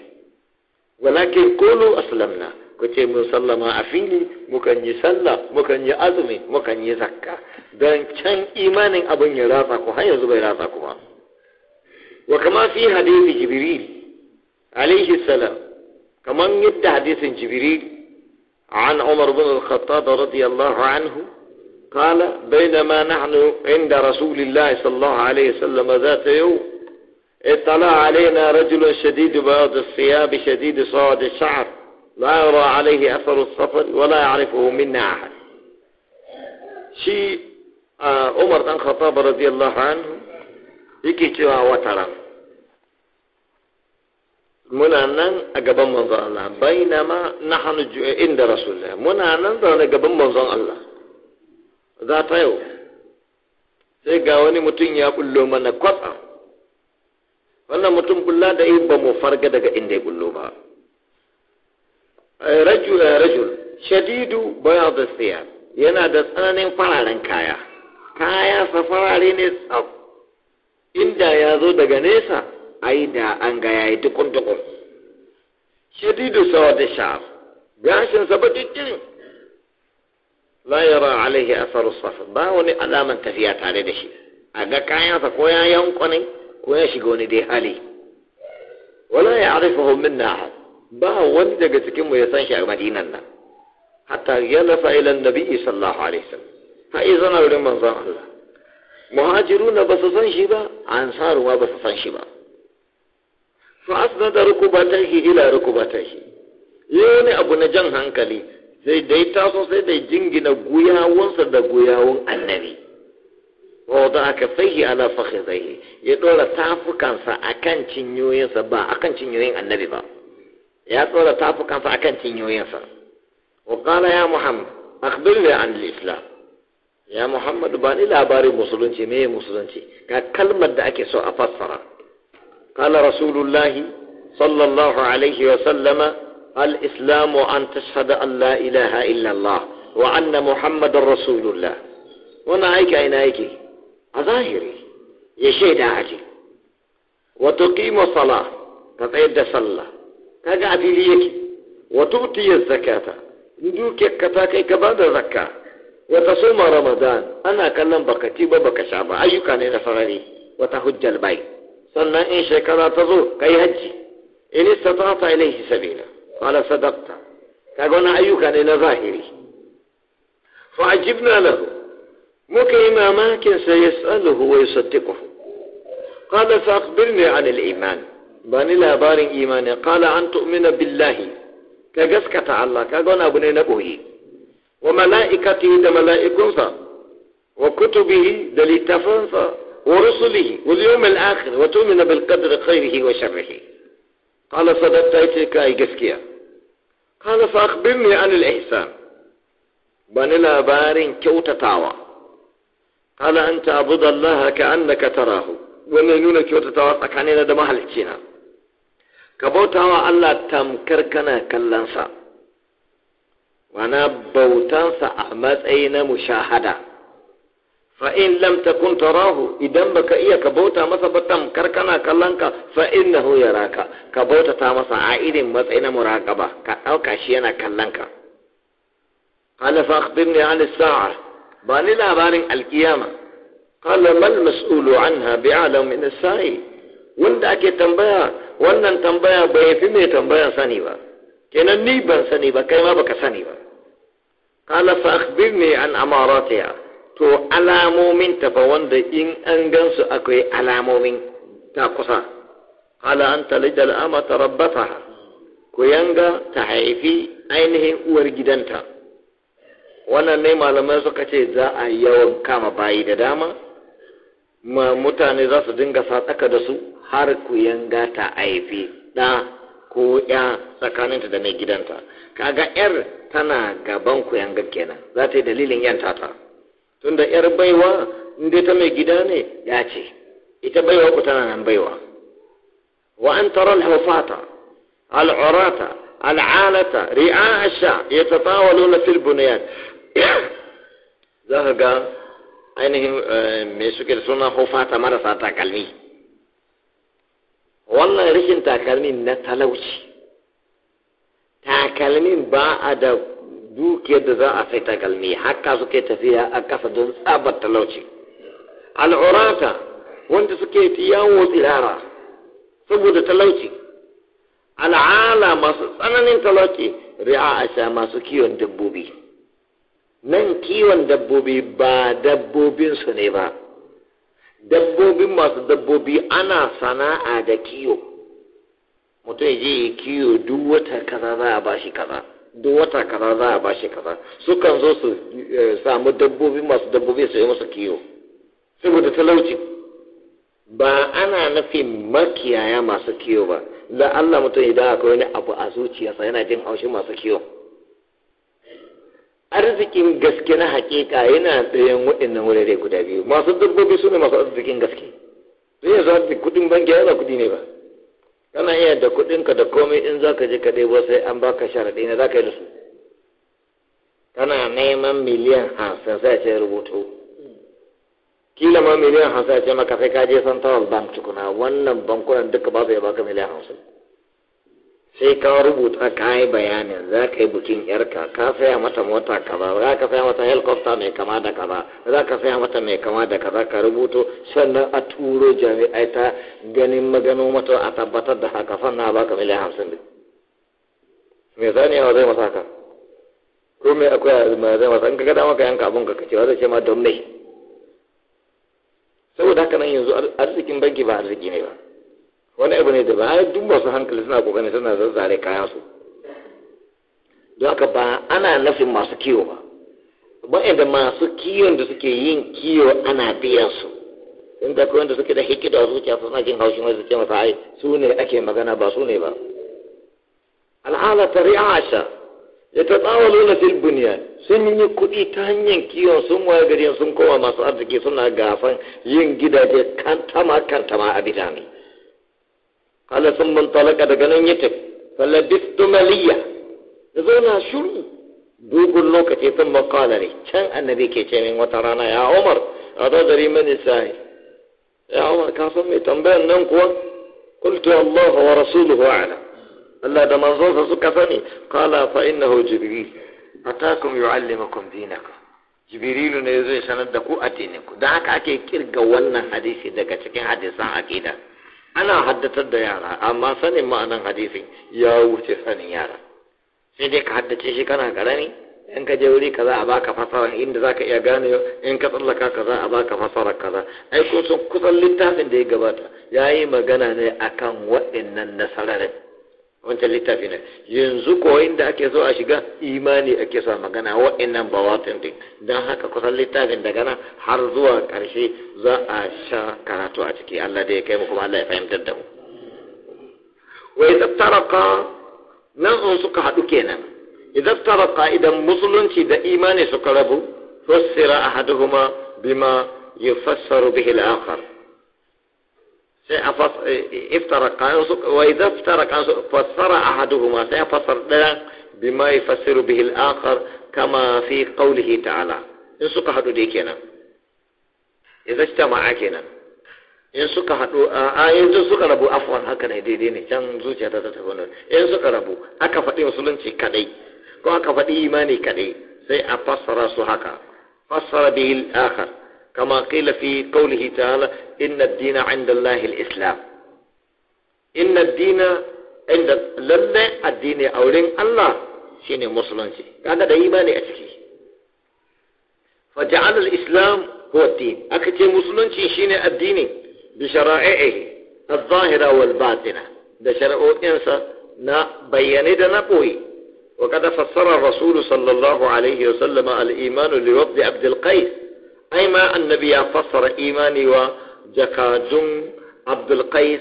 walakin qulu aslamna ku ce mun sallama a fili mukan yi sallah mukan yi azumi mukan yi zakka don can imanin abin ya ratsa ku har yanzu bai ratsa ku ba wa kama fi hadisi jibril alaihi salam kaman yadda hadisin jibril an umar bin al-khattab radiyallahu anhu قال بينما نحن عند رسول الله صلى الله عليه وسلم ذات يوم اطلع علينا رجل شديد بياض الثياب شديد صواد الشعر لا يرى عليه أثر السفر ولا يعرفه منا أحد شيء Ah, Umar dan Khattab radiyallahu anhu yake cewa wataran muna nan a gaban manzon Allah bainama nahnu inda rasulullah muna nan zaune gaban manzon Allah za ta yau sai ga wani mutum ya bullo mana kwatsa wannan mutum bulla da yi ba mu farga daga inda ya bullo ba rajul rajul shadidu bayad siyab yana da tsananin fararen kaya kayan safarare ne tsaf inda ya zo daga nesa ai da an ga yayi tukun tukun shadidu da sha'ar gashin sa baki kirin la yara alaihi asaru ba wani alaman tafiya tare da shi a ga kayansa ko ya yanko ne ko ya shiga wani dai hali wala ya arifahu minna ahad ba wani daga cikin mu ya san shi a madinan nan hatta yalafa ila nabi sallallahu alaihi wasallam ai zana wurin manzon Allah na ba su san shi ba ruwa ba su san shi ba fa asnada rukubatahi ila rukubatahi yau ne abu na jan hankali sai dai taso sai dai jingina guyawunsa da guyawun annabi da aka sayi ala fakhidaihi ya dora tafukansa akan cinyoyinsa ba akan cinyoyin annabi ba ya dora tafukansa akan cinyoyinsa wa qala ya muhammad akhbirni an al-islam ya muhammadu ba ni labarin musulunci me musulunci ga kalmar da ake so a fassara kala rasulullahi sallallahu alaihi wa sallama al-islamu an tashhada an la ilaha illa allah wa anna muhammadun rasulullah wannan aiki ina yake a zahiri ya shaida a ce wa tuqimu salah da sallah kaga a fili yake wa tu'ti zakata dukiyar ka ta kai ka bada zakka ya taso ma ramadan ana kallon baka ci ba baka sha ba ayyuka ne na farari wata hujjal bai sannan in shekara ta zo kai hajji in istata'ta ilayhi sabila qala sadaqta kaga wannan ayyuka ne na zahiri fa ajibna lahu muka yi mamakin sa yas'aluhu wa yusaddiquhu qala fa akhbirni 'an al-iman bani labarin imani qala an tu'mina billahi ka gaskata Allah kaga wannan abu ne na boye وملائكته ده ملائكنسا وكتبه ده لتفنسا ورسله واليوم الآخر وتؤمن بالقدر خيره وشره قال صدقت أيتك أي جسكيا قال فأخبرني عن الإحسان بني لابارين كوتا تاوى قال أن تعبد الله كأنك تراه ونينونا كوتا تاوى سكانينا دمهل تشينا كبوتا الله تمكركنا كلنسا wana bautansa a matsayi na mushahada fa in lam tarahu idan baka iya ka bauta masa ba tamkar kana kallon ka fa innahu ka bauta ta masa a irin matsayi na muraqaba ka ɗauka shi yana kallon ka qala fa an saa ba ni labarin alkiyama qala mal mas'ulu anha bi'alam min sai wanda ake tambaya wannan tambaya bai fi mai tambayan sani ba kenan ni ban sani ba kai ma baka sani ba qala fa akhbirni an amaratiha to alamomin ta fa wanda in an gansu akwai alamomin ta kusa qala an lidal amata rabbataha ku yanga ta haifi ainihin uwar gidanta wannan ne malamai suka ce za a yawan kama bayi da dama ma mutane za su dinga tsaka da su har ku yanga ta haifi da. ko ya tsakaninta da mai gidanta kaga yar tana gaban ku yanga kenan za ta yi dalilin yan tata tunda yar baiwa in dai ta mai gida ne ya ce ita baiwa ku tana nan baiwa wa an taral hufata al'urata al'alata ri'a asha yatatawaluna fil bunyan za ka ga ainihin eh, mai suke da suna hufata marasa takalmi wannan rashin takalmin na talauci takalmin ba a da dukiyar da za a sai takalmi haka suke tafiya a kasa don tsabar talauci al'urata wanda suke yawo tsirara saboda talauci al'ala masu tsananin talauci ri'a a sha masu kiwon dabbobi nan kiwon dabbobi ba dabbobinsu ne ba dabbobin masu dabbobi ana sana'a da kiyo mutum ya je ya kiyo duk wata kaza za a bashi kaza duk wata kaza za a bashi kaza sukan zo su eh, samu dabbobi masu dabbobi su yi masa kiyo saboda talauci ba ana nufin makiyaya masu kiyo ba da Allah mutum idan akwai wani abu a zuciyarsa yana jin haushin masu kiyo arzikin gaske na hakika yana tsayen waɗannan wurare guda biyu masu dabbobi su ne masu arzikin gaske zai yanzu da kuɗin banki yana kuɗi ne ba kana iya da kuɗinka da komai in za ka je ka ɗebo sai an ba ka sharaɗi na za ka yi da su kana neman miliyan hamsin sai ce rubutu kila ma miliyan hamsin a ce maka sai ka je central bank tukuna wannan bankunan duka ba su ya baka miliyan hamsin sai ka rubuta ka yi bayanin za ka yi bukin yarka ka saya mata mota kaza za ka saya mata helikopta mai kama da kaza za ka saya mata mai kama da kaza ka rubuto sannan a turo jami'ai ta ganin magano mata a tabbatar da haka sannan ba ka miliyan hamsin ne me zane yawa zai masa ka ko me akwai a zai masa in ka gada maka yanka abun ka kace wa zai ce ma don mai saboda haka nan yanzu arzikin banki ba arziki ne ba wani abu ne da ba ai duk masu hankali suna kokarin suna zazzare kayan su don haka ba ana nufin masu kiwo ba Ba inda masu kiwon da suke yin kiwo ana biyan su in da wanda da suke da hikida wasu suke suna jin haushin wasu suke masa ai su ne ake magana ba su ne ba al'ala ta ri'asha ya ta tsawalo na filbuniya sun yi kuɗi ta hanyar kiwon sun waye gari sun kowa masu arziki suna gafan yin gidaje kantama kantama a bidami kala sun talaka daga nan ya tafi fallabistu maliya da zauna shiru dogon lokaci sun man kala ne can annabi ke ce min wata rana ya umar a zadari mani sahi ya umar ka san mai tambayan nan kuwa qultu Allahu wa rasuluhu a'lam Allah da manzonsa suka sani qala fa innahu jibril atakum yu'allimukum dinakum jibrilu ne zai sanar da ku addininku Dan haka ake kirga wannan hadisi daga cikin hadisan aqida ana haddatar da yara amma sanin ma'anan hadisin ya wuce sanin yara sai dai ka haddace shi kana karami in ka je wuri kaza a baka fasara inda zaka iya gane in ka tsallaka kaza a baka fasara kaza ai ko sun kusan littafin da ya gabata yi magana ne akan waɗannan nasarar wancan littafi ne yanzu ko inda ake so a shiga imani ake so a magana wa'annan bawatin din don haka kusan littafin daga nan har zuwa karshe za a sha karatu a ciki Allah da ya kai mu kuma Allah ya fahimtar da mu wa idan taraka nan in suka haɗu kenan idan taraka idan musulunci da imani suka rabu fassira ahaduhuma bima yufassaru bihi al-akhar افترقا وإذا افترق فسر أحدهما سيفسر ذلك بما يفسر به الآخر كما في قوله تعالى إن سك هدو دي كنا إذا اجتمع كنا إن سك هدو آيين سك ربو أفوا هكا دي دي كان زوجة تتفون إن سك ربو أكا فدي مسلنشي كدي كو aka faɗi imani كدي sai a fassara su haka fassara bihil كما قيل في قوله تعالى إن الدين عند الله الإسلام إن الدين عند الله الدين أولين الله شيني مسلمسي هذا ده أشكي فجعل الإسلام هو الدين أكتي مسلمسي شيني الدين بشرائعه الظاهرة والباطنة ده إنسا نا بياني نبوي وقد فسر الرسول صلى الله عليه وسلم الإيمان لوفد عبد القيس أيما النبي فسر إيماني وجكادون عبد القيس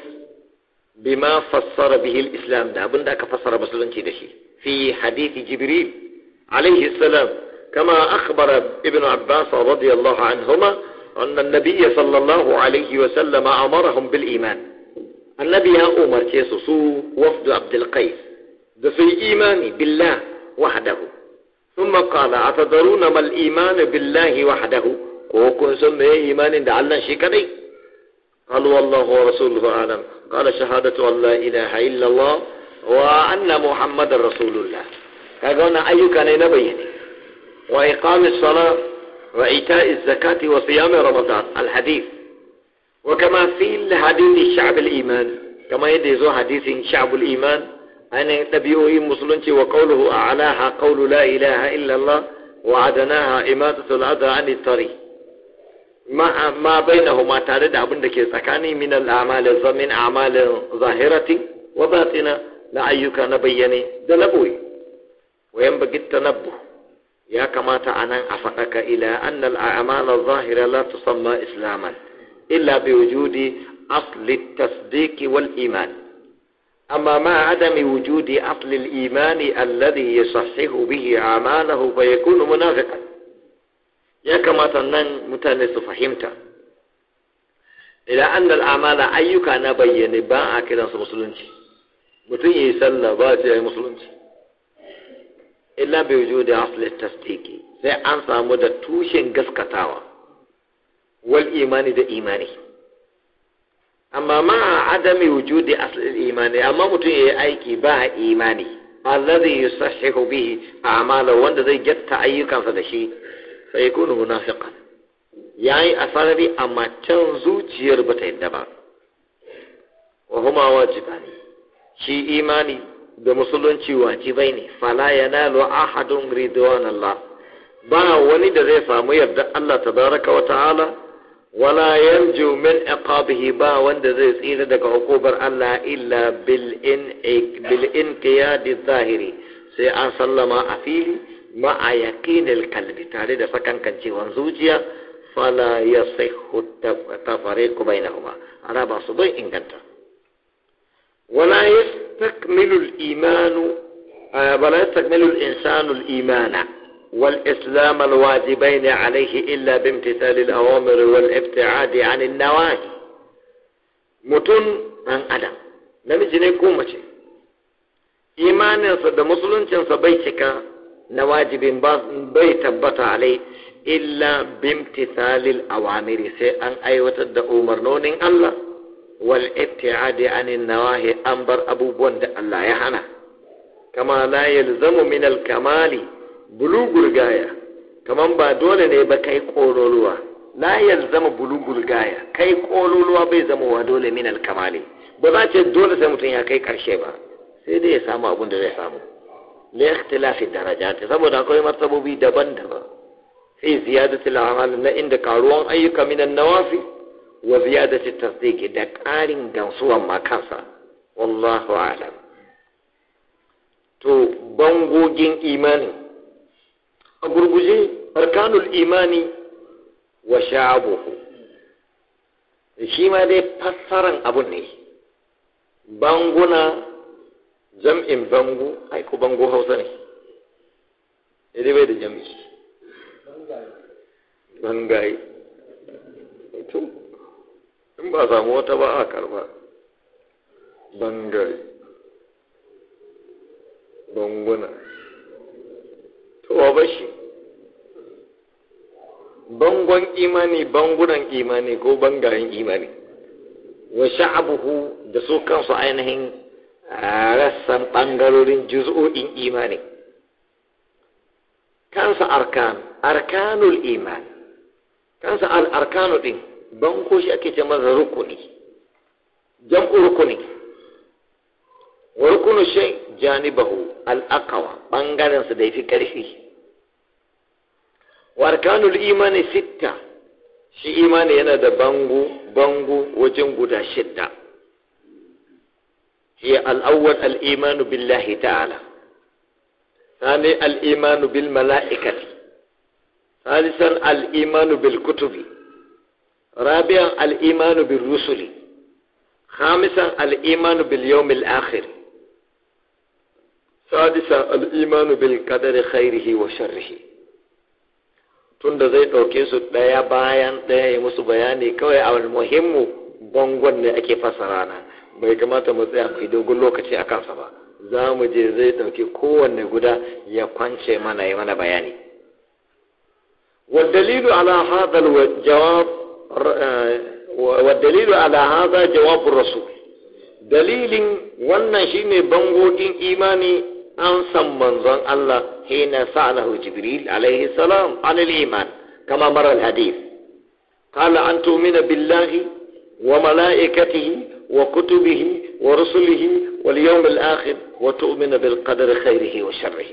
بما فسر به الإسلام ده أبن ده كفسر مسلمتي ده في حديث جبريل عليه السلام كما أخبر ابن عباس رضي الله عنهما أن النبي صلى الله عليه وسلم أمرهم بالإيمان النبي أمر يسوسو وفد عبد القيس في إيمان بالله وحده ثم قال أتدرون ما الإيمان بالله وحده ko سمى إيمان إن دعلنا da قال والله ورسوله أعلم قال شهادة أن لا إله إلا الله وأن محمد رسول الله كقولنا أي كان بيني وإقام الصلاة وإيتاء الزكاة وصيام رمضان الحديث وكما في الحديث شعب الإيمان كما يدزو حديث شعب الإيمان أن تبيئه مسلم وقوله أعلاها قول لا إله إلا الله وعدناها إماتة الأذى عن الطريق ما ما بينهما تارد أبن دك سكاني من الأعمال الزمن أعمال ظاهرة وباطنة لا أيك نبيني دلبوي وين بقيت تنبه يا كما تعنى أفقك إلى أن الأعمال الظاهرة لا تسمى إسلاما إلا بوجود أصل التصديق والإيمان أما ما عدم وجود أصل الإيمان الذي يصحح به أعماله فيكون منافقاً ya kamata nan mutane su fahimta idan da al'amala ayyuka na bayyane ba a kiran su musulunci mutum yi sallah ba ce ya yi musulunci illa bai wujo da aslet tasdiki sai an samu da tushen gaskatawa wal imani da imani amma ma a adami wujudi asalin imani amma mutum ya yi aiki ba a imani alladhi yusahhihu bihi a'mala wanda zai jatta ayyukansa da shi sai yakunu munafiqan yayi a sarari amma can zuciyar bata yadda ba wa huma shi imani da musulunci wajibai ne fala yanalu ahadun ridwanallah ba wani da zai samu yarda Allah tabaraka wa ta'ala wala yanju min iqabihi ba wanda zai tsira daga hukubar Allah illa bil in bil zahiri sai an sallama a fili ma'a yaqinil qalbi tare da sakankancewan zuciya fala yasihhu tafariqu bainahuma ana ba su bai inganta wala yastakmilu al-imanu eh, wala yastakmilu al والإسلام الواجبين عليه إلا بامتثال الأوامر والابتعاد عن النواهي متن أن أدم لم يجني كومة إيمانه da musuluncinsa bai cika na wajibin bai tabbata alai illa bimtithalil awamiri sai an aiwatar da umarnonin Allah wal ibtiadi anin nawahi an bar abubuwan da Allah ya hana kama la yalzamu min al kamali bulugul gaya kaman ba dole ne ba kai kololuwa la yalzamu bulugul gaya kai kololuwa bai zama wa dole min al kamali ba za ce dole sai mutum ya kai karshe ba sai dai ya samu abin da zai samu li daraja darajat saboda akwai martabobi daban-daban fi ziyadati amal na inda karuwan ayyuka minan nawafi wa ziyadati tasdiqi da ƙarin gamsuwan makansa wallahu a'lam to bangogin imani a gurguje arkanul imani wa sha'abuhu shi ma dai fassaran abun ne banguna jam'in bango ai ko bango hausa ne idan bai da jam'i bangaye to in ba samu wata ba a karba bangaye banguna to wa bashi bangon imani bangunan imani ko bangayen imani wa sha'abuhu da su kansu ainihin rassan ɓangarorin juz'o'in imani kansa arkan arkanul iman kansa al arkanu din banko shi ake ce maza rukuni jam'u rukuni wa rukunu shay janibahu al aqwa bangaren su da yafi karfi wa arkanul imani sitta shi imani yana da bangu bangu wajen guda shidda هي الأول الإيمان بالله تعالى ثاني الإيمان بالملائكة ثالثا الإيمان بالكتب رابعا الإيمان بالرسل خامسا الإيمان باليوم الآخر سادسا الإيمان بالقدر خيره وشره tunda zai ɗauke su ɗaya bayan ɗaya ya musu bayani kawai a wani muhimmu bangon ne ake fasara nan bai kamata mu tsaya mai dogon lokaci a kansa ba za mu je zai ɗauki kowanne guda ya kwance mana mana bayani Wa dalilu هذا الجواب والدليل على wannan shine bangogin imani an san manzon Allah hina sa'alahu jibril alaihi salam an iman kama mara al-hadith qala an tu'mina billahi wa malaikatihi وكتبه ورسله واليوم الآخر وتؤمن بالقدر خيره وشره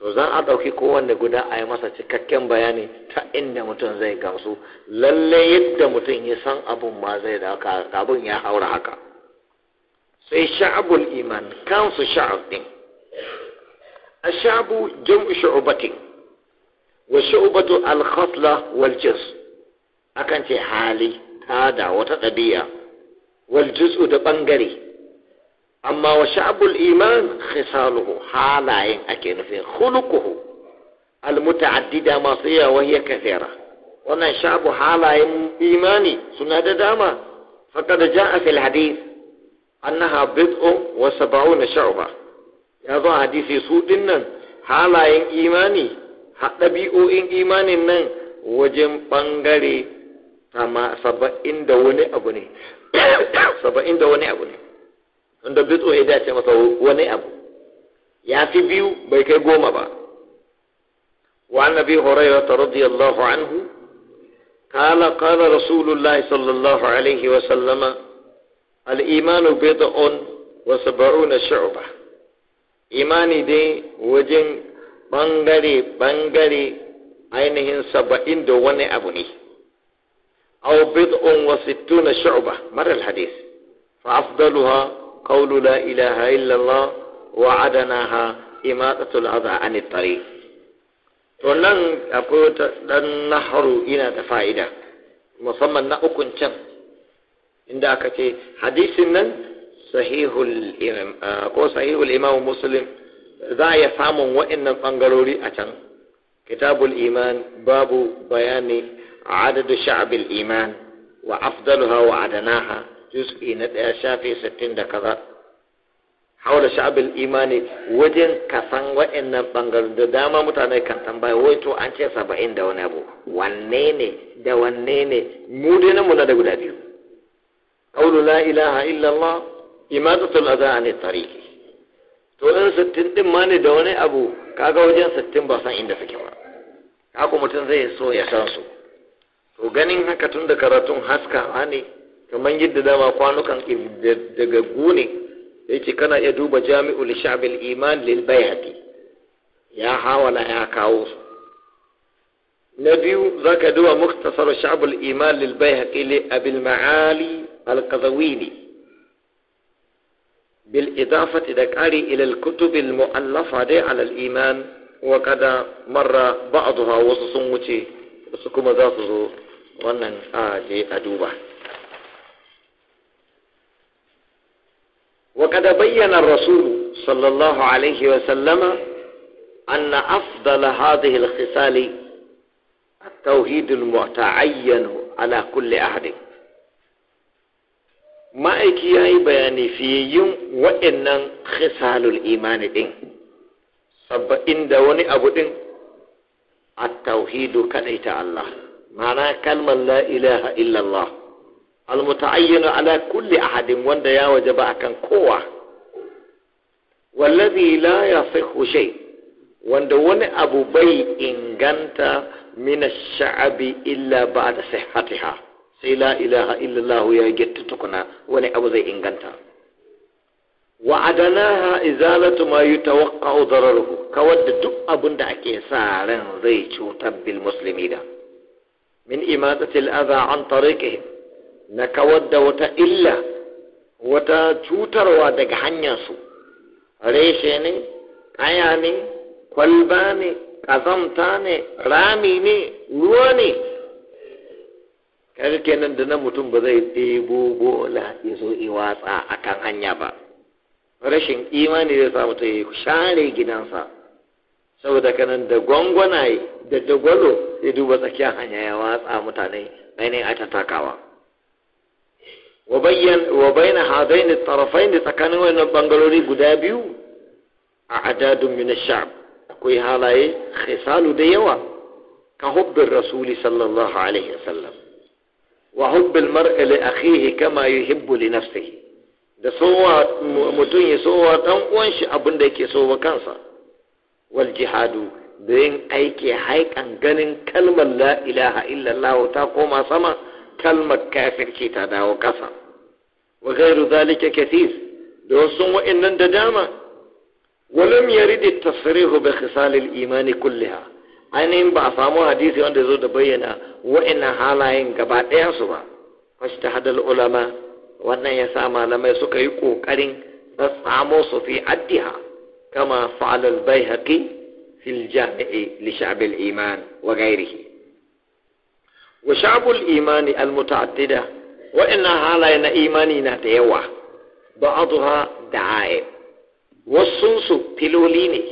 to za a ɗauki kowanne guda a yi masa cikakken bayani ta inda mutum zai gamsu lalle yadda mutum ya san abun ma zai da abun ya haura haka sai sha'abul iman kansu sha'ab din a sha'abu jam'u shu'ubatin wa shu'ubatu al-khasla wal jins akan ce hali tada wata ɗabi'a wal juz'u da bangare amma wa sha'bul iman khisaluhu halayen ake nufin khuluquhu al muta'addida masu yawa hiya kathira wannan sha'bu halayen imani suna da dama faqad ja'a fil hadith annaha bid'u wa sab'una shu'ba ya zo hadisi su dinnan halayen imani ɗabi'o'in imanin nan wajen ɓangare saba'in da wani abu ne saba'in da wani abu ne wanda bitso ya dace masa wani abu ya fi biyu bai kai goma ba wa annabi hurairah radiyallahu anhu قال قال رسول الله صلى الله wajen bangare bangare ainihin saba'in da wani abu ne أو بضع وستون شعبة مر الحديث فأفضلها قول لا إله إلا الله وعدناها إماتة الأذى عن الطريق wannan akwai dan naharu ina da fa'ida musamman na ukun can inda aka ce hadisin nan sahihul imam ko sahihul imam muslim za a iya samun wa'annan bangarori a can kitabul iman babu bayani عدد شعب الإيمان وأفضلها وأدناها جزء ندأ شافي ستين دكذا haula sha'abil imani wajen kasan wa'annan bangaru da dama mutane kan tambaya wai an ce saba'in da wani abu wanne ne da wanne ne mu dai da guda biyu qawlu la ilaha illallah imatatul adha an tariqi to in sittin din ma ne da wani abu kaga wajen sittin ba inda suke ba haka mutum zai so ya san to ganin haka tun da karatun haskawa ne kamar yadda dama kwanukan daga gune yake kana iya duba jami'ul sha'bil iman lil bayati ya hawala ya kawo su na biyu zaka duba muktasar sha'bul iman lil bayhaqi li abil ma'ali al qazawini bil idafati da qari ila al mu'allafa dai alal iman wa kada marra ba'daha wasu sun wuce wasu kuma za su zo wannan a je a duba وقد بين الرسول صلى الله عليه وسلم أن أفضل هذه الخصال التوحيد المتعين على كل أحد ما أيكي أي بياني في يوم وإن خصال الإيمان دين سب إن دوني أبو دين التوحيد كنيت الله ma'ana kalmar la ilaha illallah almuta'ayyinu ala kulli ahadin wanda ya waje ba akan kowa wallazi la yasihhu shay wanda wani abu bai inganta min ash-sha'bi illa ba'da sihhatiha sai la ilaha illallah ya gitta tukuna wani abu zai inganta wa adanaha izalatu ma yutawaqqa'u dararuhu kawar da duk abin da ake sa ran zai cutar bil muslimina min imatatil adha an tariqihim na kawar da wata illa wata cutarwa daga hanyar su. ne kaya ne kwalba ne ƙazamta ne rami ne ruwa ne da na mutum ba zai ɗebo bola ya zo iwatsa a kan hanya ba rashin imani zai sa mutum ya share gidansa saboda kanan da gwangwanaye da dagwalo sai duba tsakiyar hanya ya watsa mutane ainihin a takawa wa bayyana da tsarafai da tsakanin wannan bangarori guda biyu a adadun min sha'ab akwai halaye khisalu da yawa ka hubbin rasuli sallallahu alaihi wasallam wa hubbin mar'ali a akhihi kama yuhibbu li nafsihi da sowa mutum ya sowa dan uwan shi abin da yake sowa kansa wal jihadu da yin aiki haikan ganin kalmar la ilaha illallah ta koma sama kalmar kafirci ta dawo kasa wa ghairu zalika kathir da wasu wa'annan da dama ولم يرد التصريح بخصال الإيمان كلها ainihin ba a samu hadisi wanda zo da bayyana wa'annan halayen gaba su ba fashta hadal ulama wannan ya sa malamai suka yi ƙoƙarin tsamo su fi addiha كما فعل البيهقي في الجامع لشعب الإيمان وغيره وشعب الإيمان المتعددة وإنها على أن إيماننا تيوى بعضها دعائم والصنص تلوليني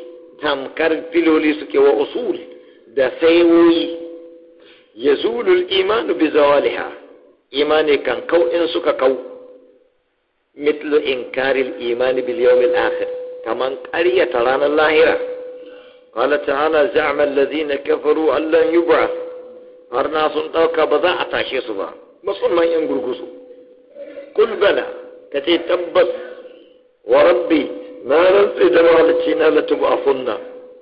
تم كرد تلوليسك وأصول دسيوي يزول الإيمان بزوالها إيمان كان كو إنسك كو مثل إنكار الإيمان باليوم الآخر kaman ta ranar lahira qala ta'ala za'ama allazina kafaru allan yub'ath har na sun ɗauka ba a tashe su ba musulman yan gurgusu kul bala kace tabbas wa rabbi na rantsi da mahalicci na latubu'afunna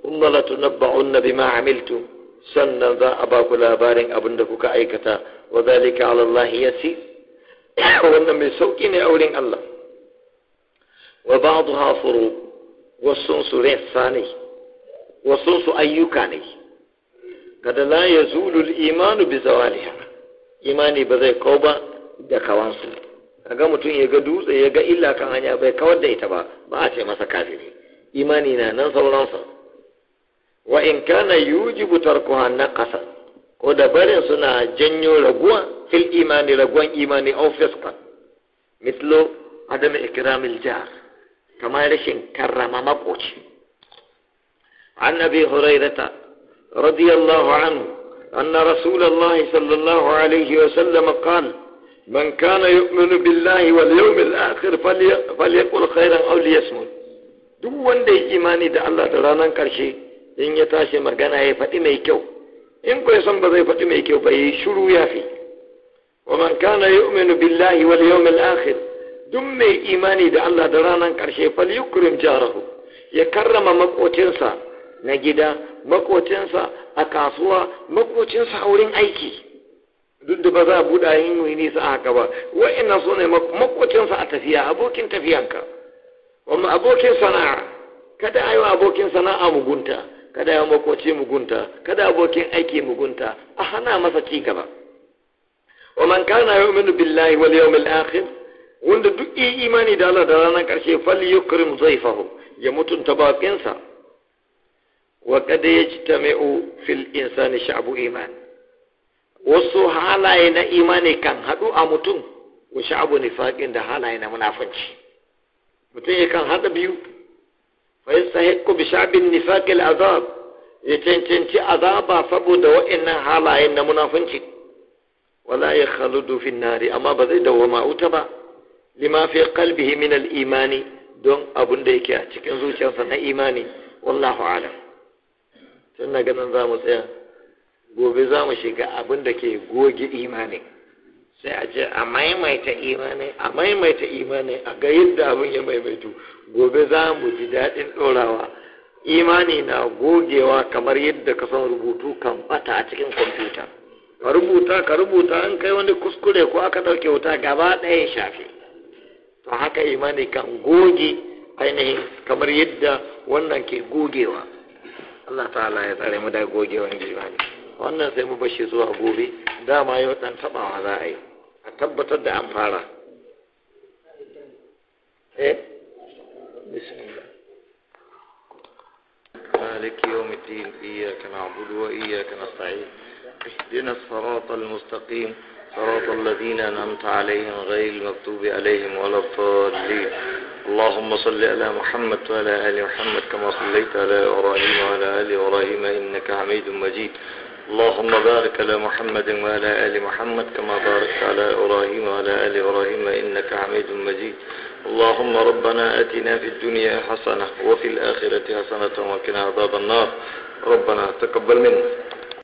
kuma latunabba'unna bima amiltum sannan za a ba ku labarin abin da kuka aikata wa zalika ala Allah yasi wannan mai sauki ne a wurin Allah wa ba'dha furuq wasunsu resa ne wasunsu ayyuka ne kada la ya zulul imanu bi zawaliha imani ba zai kau ba da kawansu kaga mutum ya ga dutse ya ga illa kan hanya bai kawar da ita ba ba a ce masa kafiri imani na nan sauransa wa in kana yujibu tarkuha naqasa ko da barin suna janyo raguwa fil imani raguwan imani au fisqa mislo adam ikramil jar كما رشن كرم ما مبوش عن أبي هريرة رضي الله عنه أن رسول الله صلى الله عليه وسلم قال من كان يؤمن بالله واليوم الآخر فلي فليقل خيرا أو ليسمن دو وندي إيماني دا الله ترانا كرشي إن يتاشي مرغانا يفتي ميكو إن كو يسم بذي ميكو فهي شروع يافي ومن كان يؤمن بالله واليوم الآخر duk mai imani da Allah da ranar ƙarshe fal yukrim jarahu ya karrama makocinsa na gida makocinsa a kasuwa makocinsa a wurin aiki duk da ba za a buɗa yin yi nisa haka ba wa'ina so ne makocinsa a tafiya abokin tafiyanka wamma abokin sana'a kada a yi abokin sana'a mugunta kada yi makoci mugunta kada abokin aiki mugunta a hana masa ci gaba wa man kana yu'minu billahi wal yawmil akhir wanda duk yi imani da Allah da ranar ƙarshe fal zai fahu ya mutunta baƙinsa wa mai yajtami'u fil insani sha'abu iman wasu halaye na imani kan haɗu a mutum wa sha'abu nifaƙin da halaye na munafunci mutum ya kan haɗa biyu fa ya bi sha'abin nifaqi al azab ya cancanci azaba saboda wa'annan halayen na munafanci wala ya khaludu fin nari amma ba zai dawo ma'uta ba lima fi qalbihi min al-imani don abun da yake a cikin zuciyarsa na imani wallahu alam tun na ganin za mu tsaya gobe za mu shiga abin da ke goge imani sai a ce a maimaita imani a maimaita imani a ga yadda abin ya maimaitu gobe za mu ji daɗin ɗorawa imani na gogewa kamar yadda ka san rubutu kan bata a cikin kwamfuta ka rubuta ka rubuta an kai wani kuskure ko aka ɗauke wuta gaba ɗaya ya shafe. a haka imani kan goge ainihin kamar yadda wannan ke gogewa Allah ta'ala ya tsare mu da gogewan imani wannan sai mu bashi zuwa gobe dama yau dan tabawa za a yi a tabbatar da an fara eh مالك يوم الدين إياك نعبد وإياك نستعين اهدنا الصراط المستقيم صراط الذين أنعمت عليهم غير المكتوب عليهم ولا الضالين اللهم صل على محمد وعلى آل محمد كما صليت على إبراهيم وعلى آل إبراهيم إنك حميد مجيد اللهم بارك على محمد وعلى آل محمد كما باركت على إبراهيم وعلى آل إبراهيم إنك حميد مجيد اللهم ربنا آتنا في الدنيا حسنة وفي الآخرة حسنة وقنا عذاب النار ربنا تقبل منا